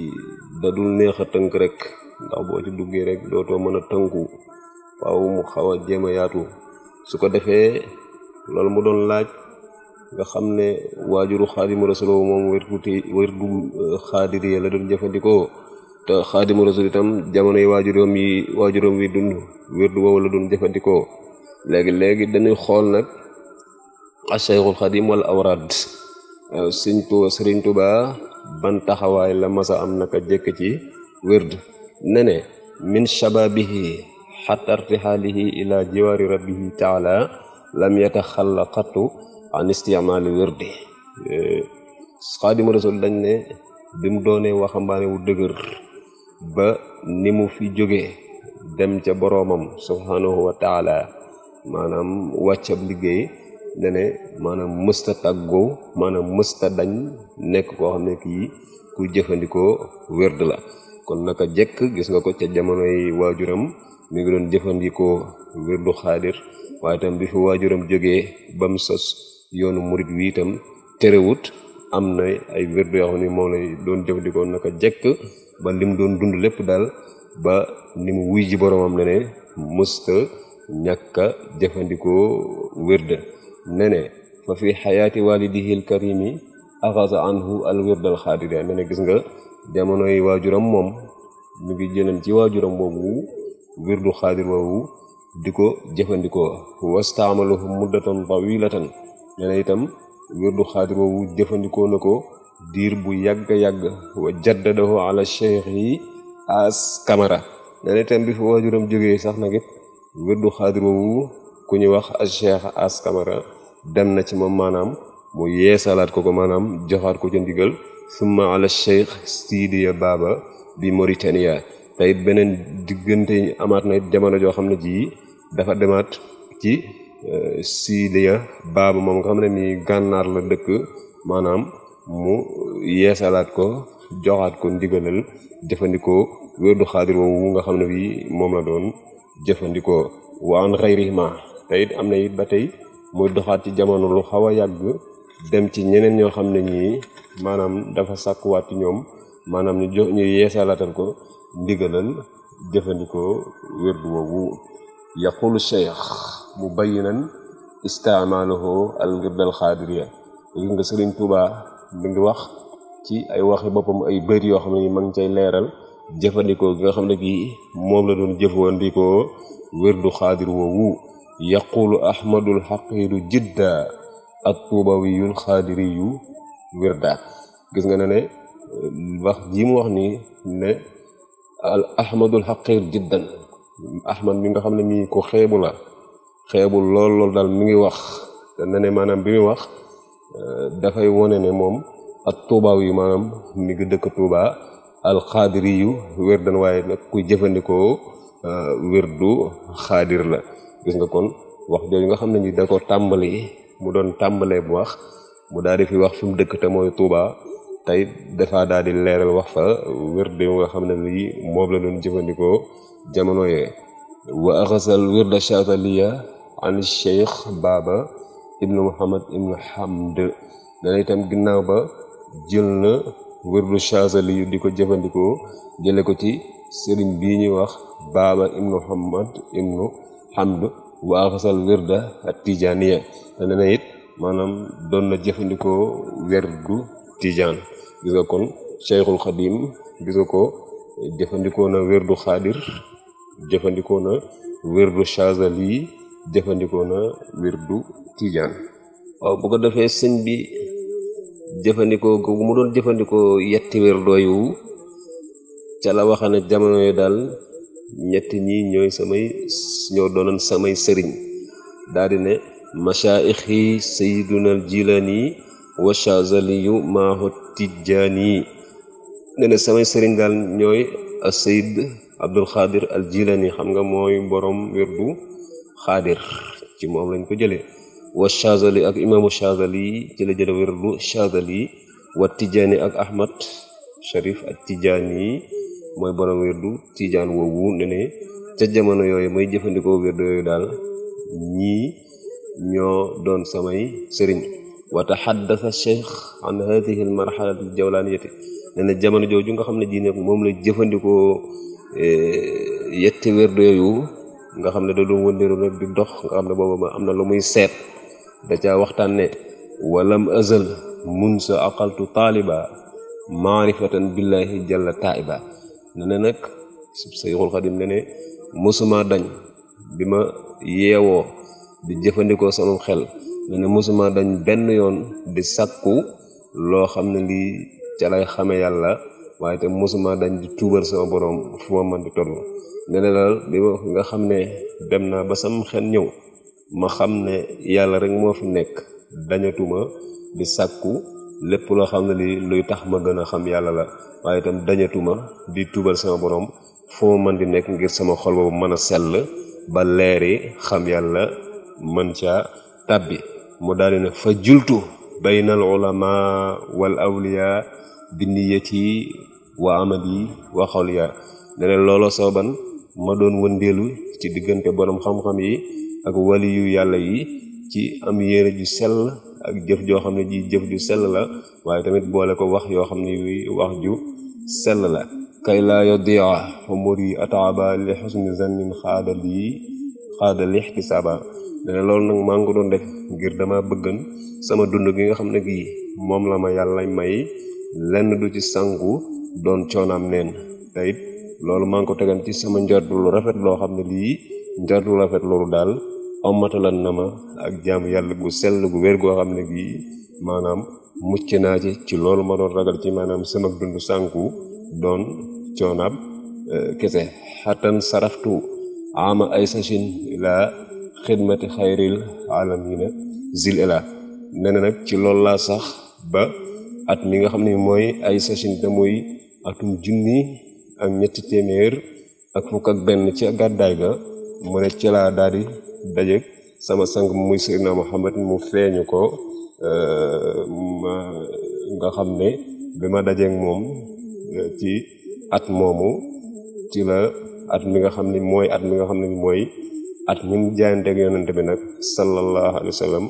da dul neex a tënk rek ndax boo ci duggee rek dootoo mën a tënku waaw mu xaw a jéem a yaatu su ko defee loolu mu doon laaj nga xam ne waajuru xaadimu rasul moom wérduti wérdu eh, xaadiriya la doon jëfandikoo te xaadimu rasul itam jamonoy waajuróom yi waajuróom wi dund wérdu woowu la doon jëfandikoo léegi léegi dañuy xool nag aseyxul xadim wala awrad eh, sëñ Tuuba ban taxawaay la masa am naka jëkk ci wérd ne ne min shababihi xatta irtixaalihi ila jiwaari rabbihi taala lam yataxalla xattu an istimaali wirdi eh, xaadimu rasul dañ ne bi mu doonee waxambaane wu dëgër ba ni mu fi jógee dem ca boroomam subhanahu wataala maanaam wàccab liggéey dene maanaam mësta tàggoo maanaam mësta dañ nekk koo xam ne kii ku jëfandikoo wérd la kon naka jekk gis nga ko ca jamonoy waajuram mu ngi doon jëfandikoo wérdu xaadir waaye tam bi fi waajuram jógee ba mu sos yoonu murit wi itam terewut am na ay wérdu yoo xam ne moom lay doon jëfandikoo naka jekk ba lim doon dund lépp daal ba ni mu wuy ji boromam ne ne musta ñàkka jëfandikoo wérda ne fa fi xayaati walidihi alkarimi axasa anhu al wérda alxaadira ne ne gis nga jamonoy waajuram moom mu ngi jëlan ci waajuram boobu wirdu xaadir woowu di ko jëfandikoo wastaamaluhu muddatan tawilatan nee na itam wirdu xaadir woowu jëfandikoo na ko diir bu yàgg-yàgg wa jaddadahu ala cheikh yi as kamara nee na bi fi waajuram jógee sax nag it wirdu xaadir woowu ku ñuy wax as cheikh as kamara dem na ci moom maanaam mu yeesalaat ko ko maanaam joxaat ko ca ndigal summa ala cheikh Sidiya baaba bi Mauritania tey beneen diggante amaat na it jamono joo xam ne jii dafa demaat ci Euh, Sidiya Baaba moom nga xam ne nii gànnaar la dëkk maanaam mu yeesalaat ko joxaat ko ndigalal jëfandikoo du xaadir woowu nga xam ne bii moom la doon jëfandikoo waan xayrihima te it am na it ba tey muy doxaat ci jamono lu xaw a yàgg dem ci ñeneen ñoo xam ne ñii maanaam dafa sàkkuwaat ci ñoom maanaam ñu jox ñu yeesalaatal ko ndigalal jëfandikoo wérdu woowu yaqulu cheikh mu bayinan istaamaaluhu al ngirdal xaadiriya nga sëriñ Touba mi ngi wax ci ay waxi boppam ay bëri yoo xam ne ni ma ngi cay leeral jëfandikoo gi nga xam ne kii moom la doon jëfandikoo wérdu xaadir woowu yaqulu ahmadul xaqiiru jidda ak tuubawiyul xaadiriyu wirda gis nga ne ne wax jii mu wax ni ne al ahmadul xaqir jiddan ahmad mi nga xam ne mii ko xeebu la xeebul lool lool daal mi ngi wax te ne maanaam bi muy wax euh, dafay wone ne moom ak tuubaaw yi maanaam mi dëkk tuuba alxaadiri yu wér waaye nag kuy jëfandikoo euh, wérdu xaadir la nga kon wax jooju nga xam ne ni da ko tàmbali mu doon tàmbalee bu wax mu daal di fi wax fi mu dëkk te mooy tuuba tey dafa daal di leeral wax fa wér di nga xam ne lii moom la doon jëfandikoo jamono yee wa axasal wirda chataliya an cheikh ibnu muhammad ibnu hamd nee na ginnaaw ba jël na wirdu chataliyu di ko jëfandikoo jële ko ci sëriñ bii ñuy wax baba ibnu muhammad ibnu hamd wa axasal wirda tijaaniya te nee na it doon na jëfandikoo wergu tijaan gis nga kon cheikhul xadim gis ko jëfandikoo na werdu xaadir jëfandikoo na wirdu yi jëfandikoo na wirdu Tijaan waaw bu ko defee sëñ bi jëfandikoo googu mu doon jëfandikoo yetti wirdu yu ca la waxa ne jamono yi daal ñett ñi ñooy samay ñoo doonoon samay sëriñ daal ne mashaayixi sayyidunal Jilaani wa Chazaliyu maahu Tijaani nee na samay sëriñ daal ñooy a sayd abdul xaadir al jilani xam nga mooy borom wirdu xaadir ci moom lañ ko jëlee wa chazali ak imaamu chazali ci la jële wirdu chazali wa tijaani ak ahmad sharif ak tijaan yi mooy borom wirdu tijaan woowu ne ca jamono yooyu mooy jëfandikoo wirdu yooyu daal ñii ñoo doon samay sëriñ wa taxaddasa cheikh an hadihi al marxalati al jawlaaniyati ne na jamono jooju nga xam ne jii moom la jëfandikoo Eh, yetti wérdu yooyu nga xam ne da doon wëndeeru nag di dox nga xam ne booba am na lu muy seet da caa waxtaan ne walam azal mun sa aqaltu taaliba maarifatan billahi jalla taiba ne ne nag Sayxul Xadim ne ne mosuma dañ bi ma yeewoo di jëfandikoo sama xel ne ne mosuma dañ benn yoon di sakku loo xam ne lii ca lay xame yàlla waaye te mosuma dañ di tuubal sama borom fu ma mën di nga xam ne dem naa ba sam xel ñëw ma xam ne yàlla rek moo fi nekk dañatuma di sàkku lépp loo xam ne lii luy tax ma gën a xam yàlla la waaye itam dañatuma di tuubal sama borom foo mën di nekk ngir sama xol boobu mën a sell ba leeri xam yàlla man caa tàbbi mu daal di ne fa jultu baynal ulama wal awliya binniyati wa amali wa xawliya ne leen looloo sooban ma doon wëndeelu ci diggante borom xam-xam yi ak waliyu yàlla yi ci am yére ju sel ak jëf joo xam ne ji jëf ju sell la waaye tamit boole ko wax yoo xam ne wax ju sel la kay laa yodia umur yi ataaba li xusni zannin xaada li xaada li ixtisaaba loolu nag maa ngi ko doon def ngir dama bëggan sama dund gi nga xam ne gii moom la ma yàlla may lenn du ci sangu doon coonaam neen te loolu maa ngi ko tegan ci sama njortu lu rafet loo xam ne lii njortu rafet loolu daal ommatalan na ma ak jaamu yàlla gu sell gu wér goo xam ne gii maanaam mucc naa ci ci loolu ma doon ragal ci maanaam sama dund sànku doon coonaab eh, kese xatan saraftu ama ay sachin ilaa xidmati xayril alamina zil ela nee na ci loolu laa sax ba at mi nga xam ne mooy ay sachin te atum junni ak ñetti téeméer ak fukk ak benn ci gàddaay ga mu ne ci laa di daje sama sang muy Seydina Muhammad mu feeñu ko euh, ma nga xam ne bi ma dajeeg moom euh, ci at moomu ci la at mi nga xam ne mooy at mi nga xam ne mooy at mi mu jaayanteeg yonente bi nag sallallahu alayhi wa sallam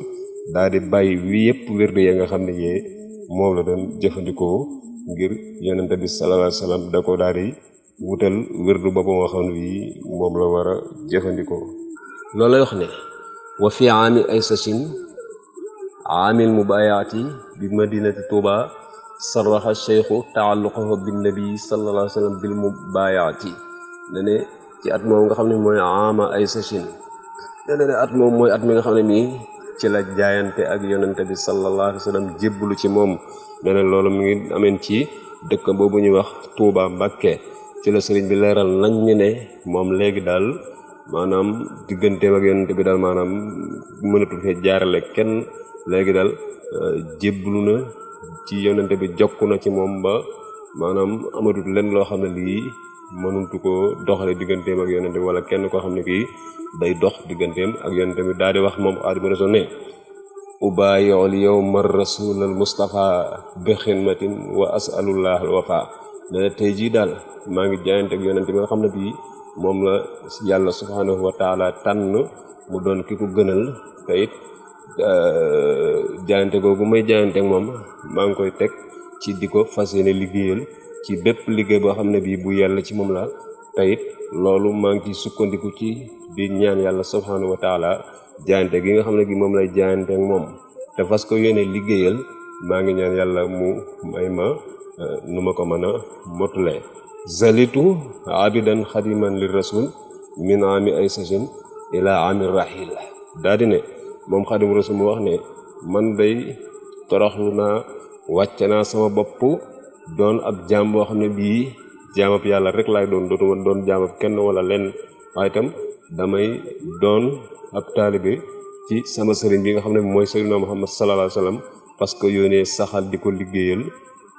daal di bàyyi wi yëpp wérde ya nga xam ne yee moom la doon jëfandikoo ngir yonente bi sallallahu alayhi wasallam da ko daal di wutal wérdu ba nga xam ne bii moom la war jëfandikoo loolu lay wax ne wa fi ay sachin aamil mubayaati bi madinati tuuba sarraxa cheikhu taalluqahu bin nabi sallallahu alayhi wasallam bil mubayaati dane ci at moom nga xam ne mooy aama ay sachin dane ne at moom mooy at mi nga xam ne mii ci la jaayante ak yonente bi sallallahu alayhi wa sallam ci moom nee na loolu mu ngi ameen ci dëkk boobu ñuy wax Touba Mbakke ci la sëriñ bi leeral nañ ñu ne moom léegi daal maanaam digganteem ak yonente bi daal maanaam mënatul fee jaarale kenn léegi daal euh, jébbalu na ci yonente bi jokku na ci moom ba maanaam amatul lenn loo xam ne lii mënuntu ko doxale digganteem ak yonente bi wala kenn koo xam ne kii day dox digganteem ak yonente bi daal di wax moom aadama rasul ne ubaayiul yowma rasul al mustafa bi xidmatin wa asalullah al wafa dana tey jii daal maa ngi jaayante ak yonente bi nga xam ne bii moom la yàlla subhanahu wa taala tànn mu doon ki ko gënal te it euh, jaayante googu may jaayante moom maa ngi koy teg ci di ko fas yéene liggéeyal ci bépp liggéey boo xam ne bii bu yàlla ci moom la teyit loolu maa ngi ci sukkandiku ci di ñaan yàlla subhanahu wa jaayante gi nga xam ne gi moom lay jaayante moom te fas ko yéene liggéeyal maa ngi ñaan yàlla mu may ma eh, nu ma ko mën a motulee zalitu abidan xadiman li rasul min ami ay sasin ila ami rahil daa di ne moom xadim rasul mu wax ne man day toroxlu naa wàcc naa sama bopp doon ab jaam boo xam ne bii jaamab yàlla rek laay doon dootuma doon jaamab kenn wala leen waaye itam damay doon ab taalibe ci sama sëriñ bi nga xam ne mooy sëriñ Muhammad sallallahu alayhi wa sallam parce que yónnee saxal di ko liggéeyal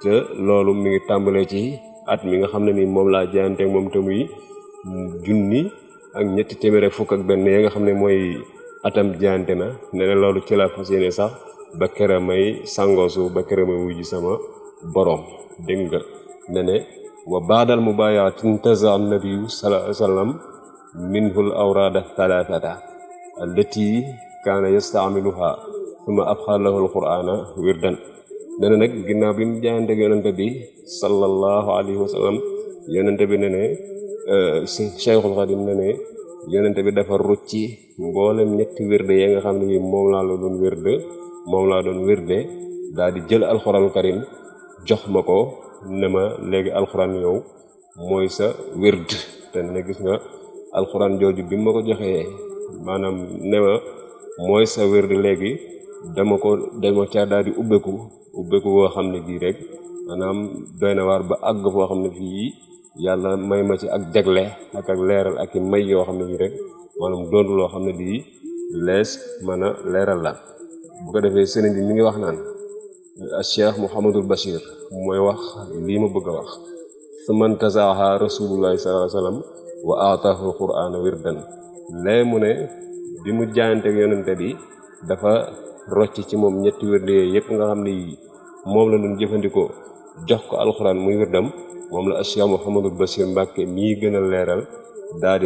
te loolu mi ngi tàmbalee ci at mi nga xam ne nii moom laa jaayanteeg moom te muy junni ak ñetti téeméer ak fukk ak benn ya nga xam ne mooy atam jaayante na ne loolu ci laa fas sax ba kera may sangoosu ba kera may wujji sama borom. dégg nga ne baadal mu baayaat intaza annabiyu salaa sallam minhul awraada thalathata allati kaana yastaamiluha suma abxaa lahu alqurana wirdan ne ne nag ginnaaw bi mu jaayanteeg yonente bi sallallahu alayhi wa sallam yonente bi ne ne eh, cheikhul xadim ne yonente bi dafa rucci mboolem ñetti wérde ya nga xam ne moom laa doon wérde moom laa doon wérde daal di jël alxuraanul karim jox ma ko ne ma léegi alxuraan yow mooy sa wird te ne gis nga alxuraan jooju bi ma ko joxee maanaam ne ma mooy sa wird léegi dama ko dama caa daal di ubbeku ubbeku woo xam ne bii rek maanaam doy ba àgg foo xam ne fii yàlla may ma ci ak jagle ak ak leeral ak i may yoo xam ne bii rek maanaam doon loo xam ne bii lees mën a leeral la bu ko defee sëriñ bi mi ngi wax naan cheikh mouhamadul bachir mooy wax lii ma bëgg a wax su man tasaaha rasulullahi sallallahu alayhi wasallam wa aataahu qur'ana wirdan lee mu ne bi mu jaayante yonente bi dafa rocc ci moom ñetti wérde yooyu yëpp nga xam ne moom la doon jëfandikoo jox ko alxuraan muy wirdam moom la cheikh mouhamadul bachir mbàkke mii gën a leeral daa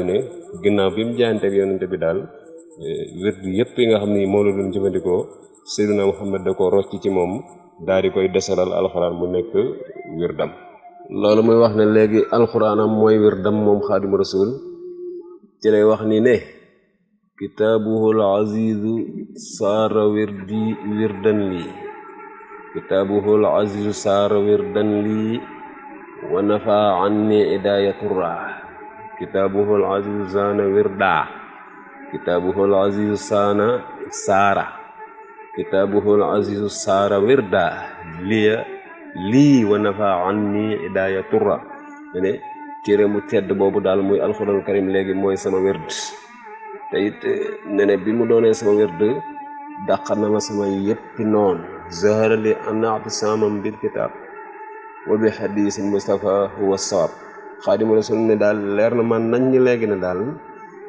ginnaaw bi mu jaayante yonente bi daal eh, wérdu yëpp yi nga xam ne moom la doon jëfandikoo Seydina Muhammad da ko rocc ci moom daal di koy desalal alxuraan mu nekk wirdam loolu muy wax ne léegi alxuraanam mooy wirdam moom xaadimu rasul ci lay wax ni ne kitaabuhul azizu saara wirdi wirdan lii kitaabuhul wa nafaa anni idaayatu raa kitaabuhul azizu saana wirdaa kitaabuhul azizu saana saara kitaabuhu al-azizu saara wirda liya lii wa nafa anni idaaya turra me ne téere mu tedd boobu daal muy alxuraan karim léegi mooy sama wird te it eh, bi mu doonee sama wird dàqal na ma sama yéppi noon zahara li anaati saamam bil kitaab wa bi mustafa huwa sawab xaadimu rasul ne daal leer na man nañ ñi léegi ne daal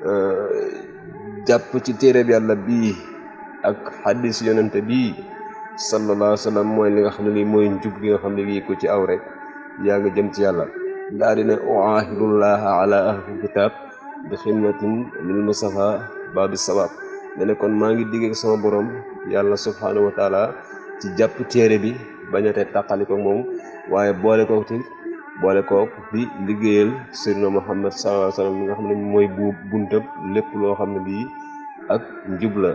eh, jàpp ci téere bi yàlla bi ak xadis yonente bi sallallahu alayhi wa sallam mooy li nga xam ne lii mooy njub gi nga xam ne lii ku ci aw rek yaa nga jëm ci yàlla ndaa dine uaahidullaha ala ahli kitab bi xidmatin lil mustafa baabi sabab ne ne kon maa ngi diggeek sama borom yàlla subhaanahu ci jàpp téere bi bañate tàqali ko moom waaye boole ko ci boole kook bi liggéeyal sayyidina muhammad sallallahu alayhi wa sallam mi nga xam ne mooy bu buntab lépp loo xam ne lii ak njub la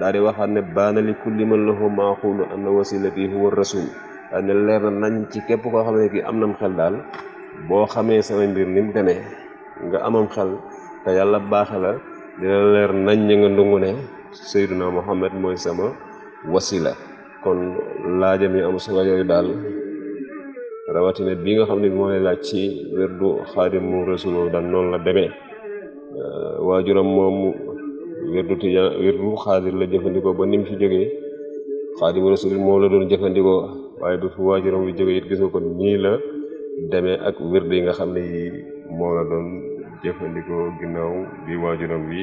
daa di waxaat ne baana li kulli man am na anna wasilati huwa rasul daa ne leer na nañ ci képp koo xam ne kii am nam xel daal boo xamee sama mbir ni mu demee nga amam xel te yàlla baaxe la dina leer nañ ñi nga ndungu ne sayduna muhammad mooy sama wasila kon laajam yi am solo yooyu daal rawatina bii nga xam ne bi moo lay laaj ci wérdu xaadimu rasul daal noonu la demee waajuram moom wirdu tijaan wirdu xaadir la jëfandikoo ba nim fi jógee xaadimu rasul moom la doon jëfandikoo waaye du fi waajuram bi jógee it gis nga kon ñii la demee ak wirdu yi nga xam ne yi moom la doon jëfandikoo ginnaaw bi waajuram bi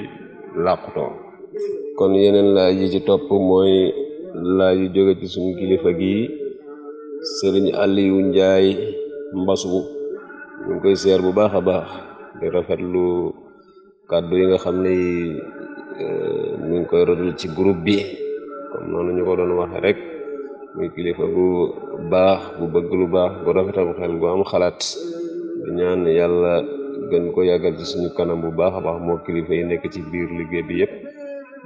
làqutoo kon yeneen laaj yi ci topp mooy laaj yu jóge ci suñu kilifa gi Sëriñ Aliou Njaay mbasu ñu ngi koy seer bu baax a baax di lu kàddu yi nga xam ne ñu eh, ngi koy rodul ci groupe bi comme noonu ñu ko doon waxe rek muy kilifa bu baax bu bëgg lu baax bu rafetam xel gu am xalaat di ñaan yàlla gën ko yàggal ci suñu kanam bu baax a baax kilifa yi nekk ci biir liggéey bi yépp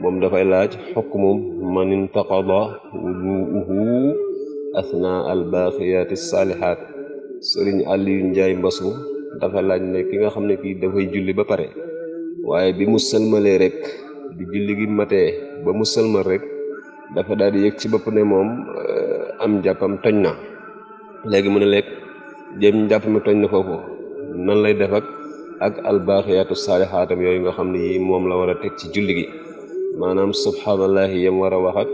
moom dafay laaj xukmum man intaqada wuduuhu asna albaaqiyaati saalihaat sëriñ yu Njaay mbasu dafa laaj ne ki nga xam ne kii dafay julli ba pare waaye bi mu sëlmalee rek bi julli gi matee ba mu sëlmal rek dafa daal di yëg ci bopp ne moom eh, am njàppam toñ na léegi mu a lekk jëm njàpp mi toñ na foofu nan lay def ak ak albaaxiyaatu saalihaatam yooyu nga xam ne yi moom la war a teg ci julli gi maanaam subhaanallahi yam war a wax ak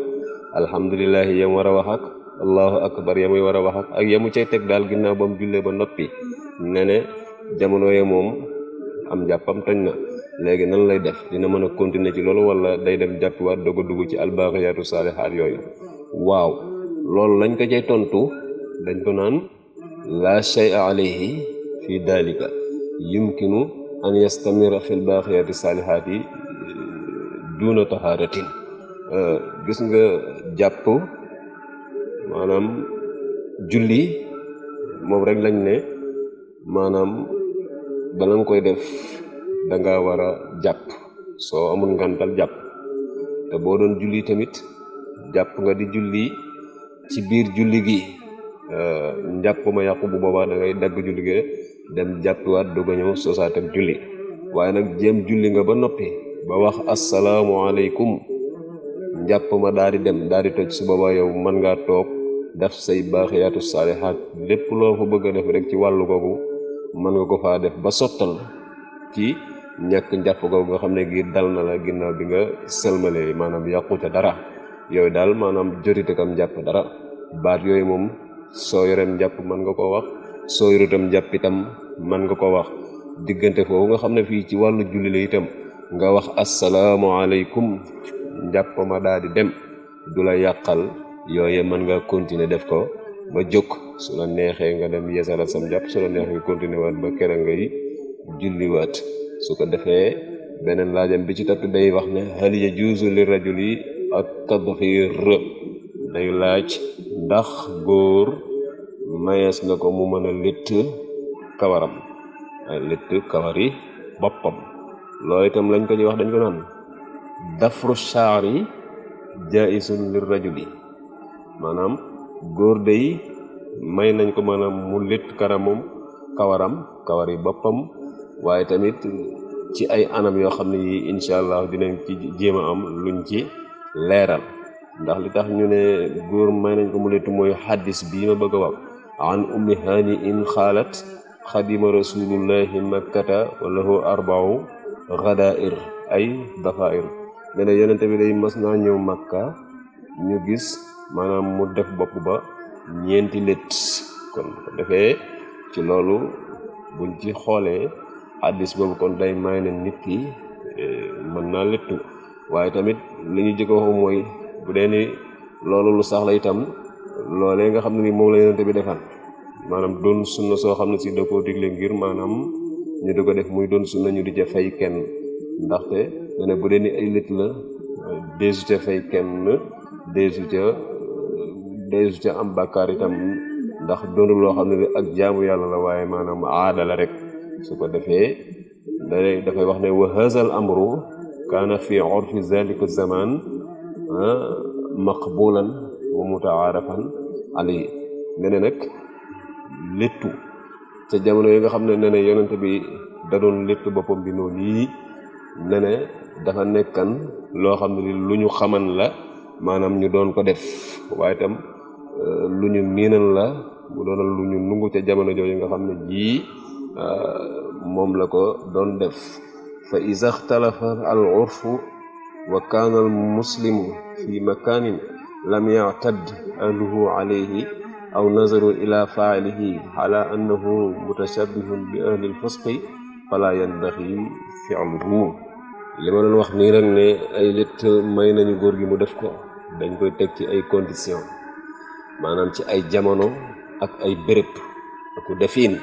alhamdulilahi war a wax ak allahu akbar yamuy war a wax ak ak yamu cay teg daal ginnaaw ba mu jullee ba noppi ne ne jamono ye moom am njàppam toñ na léegi nan lay def dina mën a continuer ci loolu wala day dem jàppiwaat doog a dugg ci albaaqiyaatu saalihaat yooyu waaw loolu lañ ko cay tontu dañ ko naan laa shay'a alayhi fi dalika yumkinu an yastamira fi albaaqiyaati saalihaat yi eh, duuna tahaaratin eh, gis nga jàpp maanaam julli moom rek lañ ne maanaam bala nga koy def danga war a jàpp soo amul ngantal jàpp te boo doon julli tamit jàpp nga di julli ci biir julli gi njàpp ma yàqu bu boobaa da dagg julli gi dem jàppiwaat doog a ñëw sosaatam julli waaye nag jéem julli nga ba noppi ba wax asalaamualeykum jàpp ma daal di dem daal di toj su boobaa yow mën ngaa toog def say baaxiyaatu saalihaat lépp loo fa bëgg a def rek ci wàllu googu mën nga ko faa def ba sottal ci ñàkk njàpp googu nga xam ne gi dal na la ginnaaw bi nga sëlmalee maanaam yàqu ca dara yooyu daal maanaam jotite kam njàpp dara baat yooyu moom soo yoreem njàpp mën nga koo wax soo yoretam njàpp itam mën nga ko wax diggante foofu nga xam ne fii ci wàllu julli itam nga wax asalaamaaleykum njàpp ma daal di dem du la yàqal yooye mën nga continuer def ko ba jóg su la neexee nga dem yeesalaat sam njàpp su la neexee nga continuer waat ba kera ngay julliwaat su ko defee beneen laajam bi ci tattu day wax ne hal yajuuzu li rajuli at tadxiir day laaj ndax góor mayees na ko mu mën a litt kawaram litt kawari boppam loolu itam lañ ko ñuy wax dañ ko naan dafru shaari jaisun li rajuli maanaam góor day may nañ ko maanaam mu litt karamam kawaram kawari boppam waaye tamit ci ay anam yoo xam ne yi incha allah dinañ ci jéem a am luñ ci leeral ndax li tax ñu ne góor may nañ ko mu lettu mooy xaddis bii ma bëgg a wax an ummi hani in xaalat xadima rasulullahi makkata walahu arbau ghadair ay dafair ne na bi day mas naa ñëw makka ñu gis maanaam mu def bopp ba ñeenti lét kon defee ci loolu buñ ci xoolee xaddis boobu kon day may na nit ki eh, man naa léttu waaye tamit li ñu jëkk waxu mooy bu dee ni loolu lu sax la itam loolee nga xam ne ni moom la yonente bi defal maanaam doon sunna soo xam ne si da koo digle ngir maanaam ñu di ko def muy doon sunna ñu di ca fay kenn ndaxte dane bu dee ni ay lét la deesu ca fay kenn deesu ca deesu ca am bàkkaar itam ndax doonul loo xam ne ak jaamu yàlla la waaye maanaam aada aadala rek su ko defee dafay wax ne wa hazal amru kaana fi urfi zalika zaman maqbulan wa mutaarafan alayhi ne ne nag léttu ca jamono yi nga xam ne ne ne bi da doon léttu boppam bi noonu yii ne dafa nekkan loo xam ne lu ñu xaman la maanaam ñu doon ko def waaye itam eh, lu ñu miinan la mu doonal lu ñu nungu ca jamono jooju nga xam ne jii Euh, moom la ko doon def fa iza ixtalafa al urfu wa kaana al muslimu fi makaanin lam yactadd ahluhu alayhi aw nazaru ila faacilihi ala annahu mutashabbihun bi ahli lfisqi fala yanbaxi ficluhu li ma doon wax nii rek ne ay létt may nañu góor gi mu def ko dañ koy teg ci ay condition maanaam ci ay jamono ak ay béréb aku defiin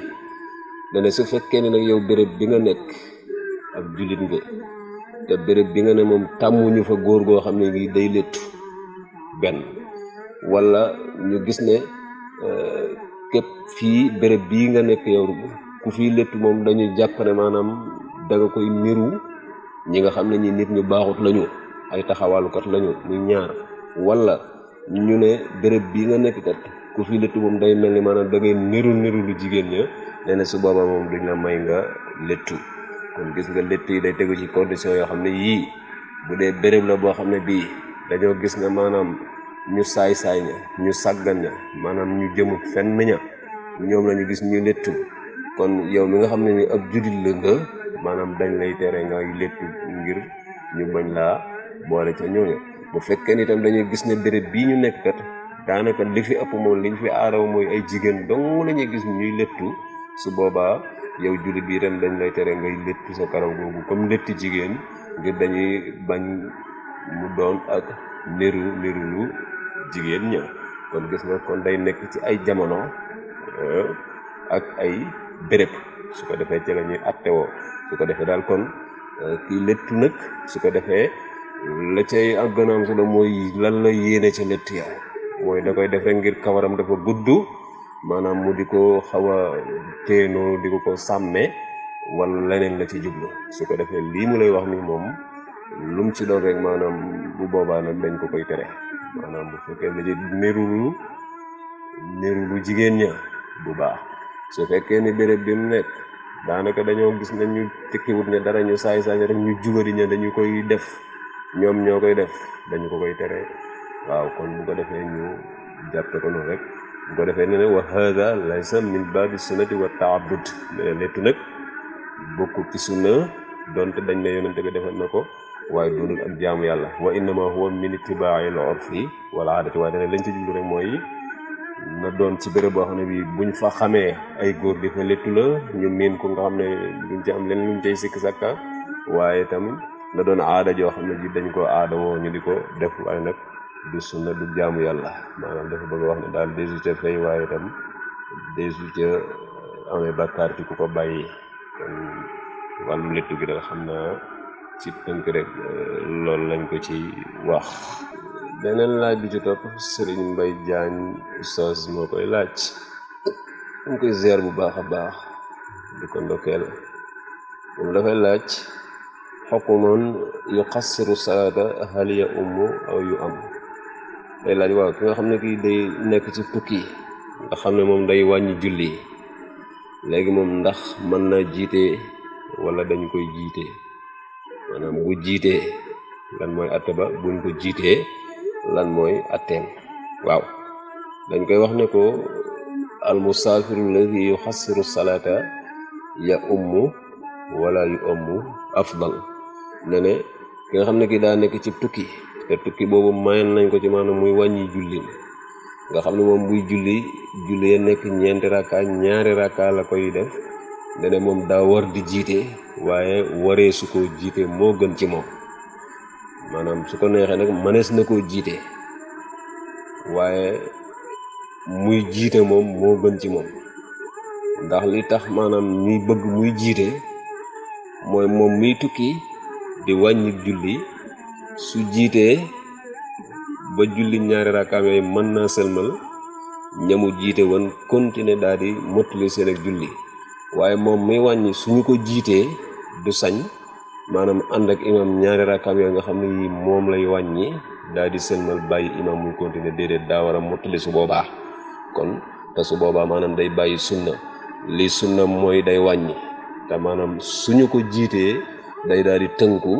ne ne su fekkee ne nag yow béréb bi nga nekk ab jullit nga te béréb bi nga ne moom tàmmuñu fa góor goo xam ne ngi day léttu benn wala ñu gis ne euh, képp fii béréb bii nga nekk yow ku fii léttu moom dañuy jàpp maanaam da koy miru ñi nga xam ne ñi nit ñu baaxut lañu ay taxawaalukat lañu muy ñaar wala ñu ne béréb bii nga nekk kat ku fii léttu moom day mel ni maanaam da ngay niru niru lu jigéen ña nee na su boobaa moom duñ la may nga léttu kon gis nga létt yi day tegu ci condition yoo xam ne yii bu dee béréb la boo xam ne bii dañoo gis ne maanaam ñu saay-saay ñu sàggan maanaam ñu jëmut fenn ña ñoom la gis ñu léttu kon yow mi nga xam ne ni ab judit la nga maanaam dañ lay tere ngay léttu ngir ñu bañ laa boole ca ñooñu bu fekkee ni itam dañuy gis ne béréb bii ñu nekk kat daanaka li fi ëpp moom liñ fi aaraw mooy ay jigéen dong la ñuy gis ñuy léttu su boobaa yow jullit bi itam dañ lay tere ngay létt sa karaw googu comme létti jigéen ngir dañuy bañ mu doon ak niru niru lu jigéen ña kon gis nga kon day nekk ci ay jamono euh, ak ay béréb su ko defee ci la ñuy attewoo su ko defee daal kon euh, kii léttu nag su ko defee la cay ak gën a am solo mooy lan la yéene ca létt ya mooy da koy defee rek ngir kawaram dafa gudd maanaam mu di ko xaw a di ko ko sàmmee wala leneen la ci jublu su ko defee lii mu lay wax ni moom lu ci doon rek maanaam bu boobaa nag dañ ko koy tere maanaam bu fekkee da ci nirulu nirulu jigéen ña bu baax su fekkee ni béréb bi mu nekk daanaka dañoo gis ne ñu tekkiwut ne dara ñu saay saay rek ñu jubari ña dañu koy def ñoom ñoo koy def dañu ko koy tere waaw kon bu ko defee ñu jàppe ko noonu rek bu ko defee ne ne wa hada laysa min baabi sunnati wa taabud mene léttu nag bokkul ci sunna donte dañ ne yonente bi na ko waaye doonul ak jaamu yàlla wa innama huwa min itibaail urfi wala aadati waaye dana lañ ci jublu rek mooy na doon ci béréb boo xam ne bii buñ fa xamee ay góor di fa la ñu miin ko nga xam ne duñ ci am leen luñ cay sikk sàkka waaye tamit na doon aada joo xam ne ji dañ ko aada woo ñu di ko def waaye nag du sunna du jaamu yàlla maanaam dafa bëgg wax ne daal desu ca fay waaye itam desu ca euh, amee bàkkaar ci ku ko bàyyi kon wàllum léttu gi daal xam naa ci tënk rek euh, loolu lañ ko ci wax beneen laaj bi ci topp sëriñ mbay jaañ oustaz moo koy laaj dañ koy ziar bu baax a baax di ko ndokkeel moom dafay laaj xukuman yu xassiru salaata hal ya umm aw yu am day laaj waaw ki nga xam ne kii day nekk ci tukki nga xam ne moom day wàññi julli léegi moom ndax mën na jiite wala dañ koy jiite maanaam bu jiitee lan mooy atte ba buñ ko jiitee lan mooy atteem waaw dañ koy wax ne ko almusaafiru alladi yuxassiru salaata ya ummu wala yu ummu afdal ne ne ki nga xam ne kii daa nekk cib tukki te tukki boobu mayoon nañ ko ci maanaam muy wàññi julli nga xam ne moom buy julli julli ya nekk ñeenti rakka ñaari rakka la koy def dene moom daa war di jiite waaye waree su ko jiite moo gën ci moom maanaam su ko neexee nag na koo jiite waaye muy jiite moom gën ci moom ndax li tax maanaam ñuy bëgg muy jiite mooy moom muy tukki di wàññi julli su jiitee ba julli ñaari rakkaam yooyu mën naa sëlmal ñamu jiite woon continuer daal di seen ak julli waaye moom muy wàññi suñu ko jiitee du sañ maanaam ànd ak imam ñaari rakkaam yooyu nga xam ne yi moom lay wàññi daal di sëlmal bàyyi imam muy continuer déedéet daa war a mottali su boobaa kon te su boobaa maanaam day bàyyi sunna lii sunna mooy day wàññi te maanaam suñu ko jiitee day daal di tënku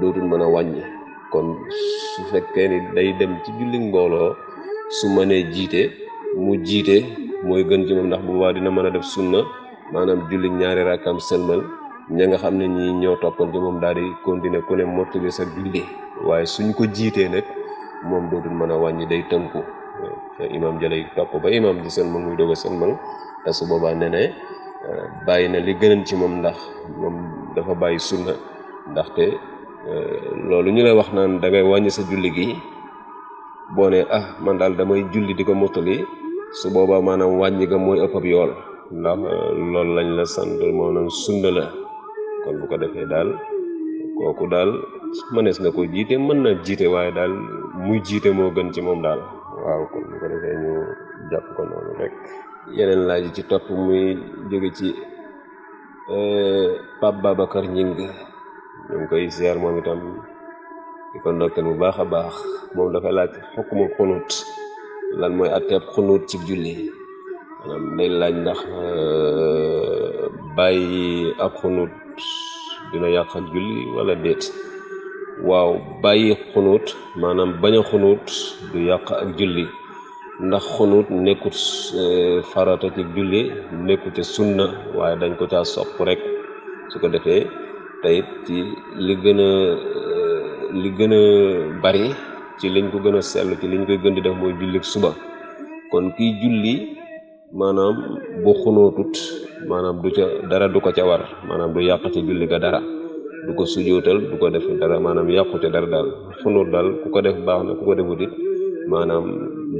dootul mën a wàññi kon su fekkee ni day dem ci julli ngooloo su mënee jiite mu jiite mooy gën ci moom ndax bu boobaa dina mën a def sunna maanaam julli ñaari rakkam sëlmal ña nga xam ne ñii ñoo toppoon ci moom daal di continuer ku ne mottali sa julli waaye suñ ko jiitee nag moom dootul mën a wàññi day tënku te imaam jëlay topp ba imaam di sëlmal muy doog a sëlmal te su boobaa ne ne eh, bàyyi na li gënan ci moom ndax moom dafa bàyyi sunna ndaxte Euh, loolu ñu lay wax naan da ngay wàññi sa julli gi boo ne ah man daal damay julli di ko mottali su boobaa maanaam wàññi ga mooy ëpp ab yool ndax euh, loolu lañ la sant maanaam sunna la kon bu ko defee daal kooku daal mënees na ko jiite mën na jiite waaye daal muy jiite moo gën ci moom daal waaw kon bu ko defee ñu jàpp ko noonu rek yeneen laaj ci topp muy jóge ci euh, Pape Babacar Gningue ñu koy ziar moom itam di ko ndokkeel bu baax a baax moom dafay laaj xukmu xunuut lan mooy ak xunuut ci julli maanaam day laaj ndax euh, bàyyi ak xunuut dina yàq ak julli wala déet waaw bàyyi xunuut maanaam bañ a xunuut du yàq ak julli ndax xunuut nekkut euh, farata ci julli nekkut sunna waaye dañ ko caa sopp rek su ko defee te ci li gën a li gën a bari ci liñ ko gën a seetlu ci liñ koy gën di def mooy jullik suba kon kiy julli maanaam bu xunootut maanaam du ca dara du ko ca war maanaam du yàq ci julli ga dara du ko sujootal du ko def dara maanaam yàqute dara daal xunoot daal ku ko def baax na ku ko defut it maanaam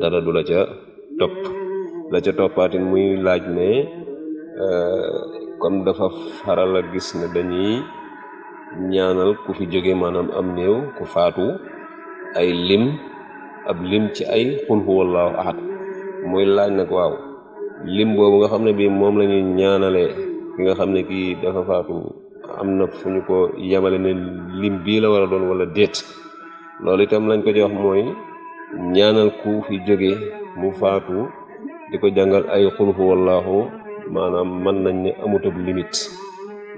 dara du la ca topp la ca toppaatin muy laaj ne kom euh, dafa faral a gis ne dañuy ñaanal ku fi jóge maanaam am néew ku faatu ay lim ab lim ci ay xul huwallaahu ahad mooy laaj nag waaw lim boobu nga xam ne bii moom lañuy ñaanale ki nga xam ne kii dafa faatu am na fu ñu ko yemale ne lim bii la war a doon wala déet loolu itam lañ ko jox mooy ñaanal ku fi jóge mu faatu di ko jàngal ay xul huwallaahu maanaam mën nañ ne amutab limite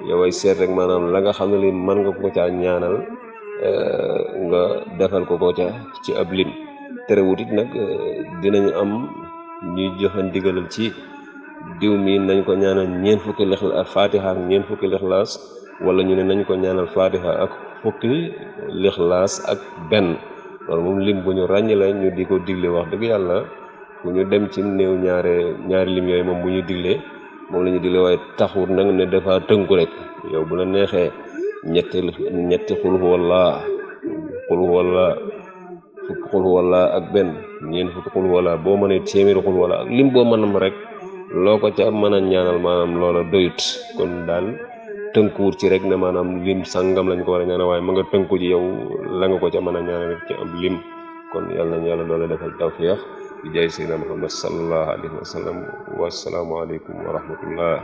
yow yoway seet rek maanaam la nga xam ne li mën nga ko caa ñaanal eh, nga defal ko ko ca ci ab lim terewut it nag eh, dinañu am ñuy joxe ndigalal ci diw mi nañ ko ñaanal ñeen fukki lixlaas fatiha ñeen fukki lixlaas wala ñu ne nañ ko ñaanal fatiha ak fukki lixlaas ak benn loolu moom lim bu ñu ràññ la ñu di ko digle wax dëgg yàlla fu ñu dem ci néew ñaare ñaari lim yooyu moom bu ñu diglee moom la ñu digle waaye taxul nag ne dafa tënku rek yow bu la neexee ñetti ñetti xul wallaa xul wallaa fukki xul wallaa ak benn ñeent fukki xul wallaa boo mënee téeméeri xul wallaa ak lim boo mënam rek loo ko ca mën a ñaanal maanaam loola doyut kon daal tënkuwut ci rek na maanaam lim sangam lañ ko war a waaye ma nga tënku ci yow la nga ko ca mën a ñaanal rek ci am lim kon yàlla nañu yàlla doole defal tawfiix bi jaay seydina muhammad sallallahu alayhi wa sallam wasalaamu aleykum wa rahmatullah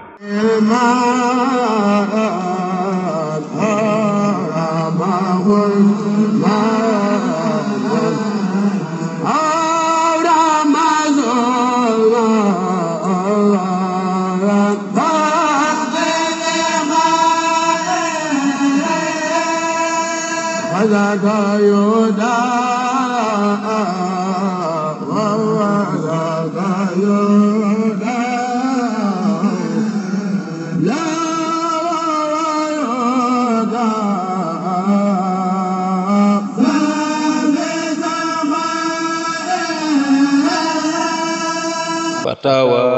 ذاك يدعى فتاوى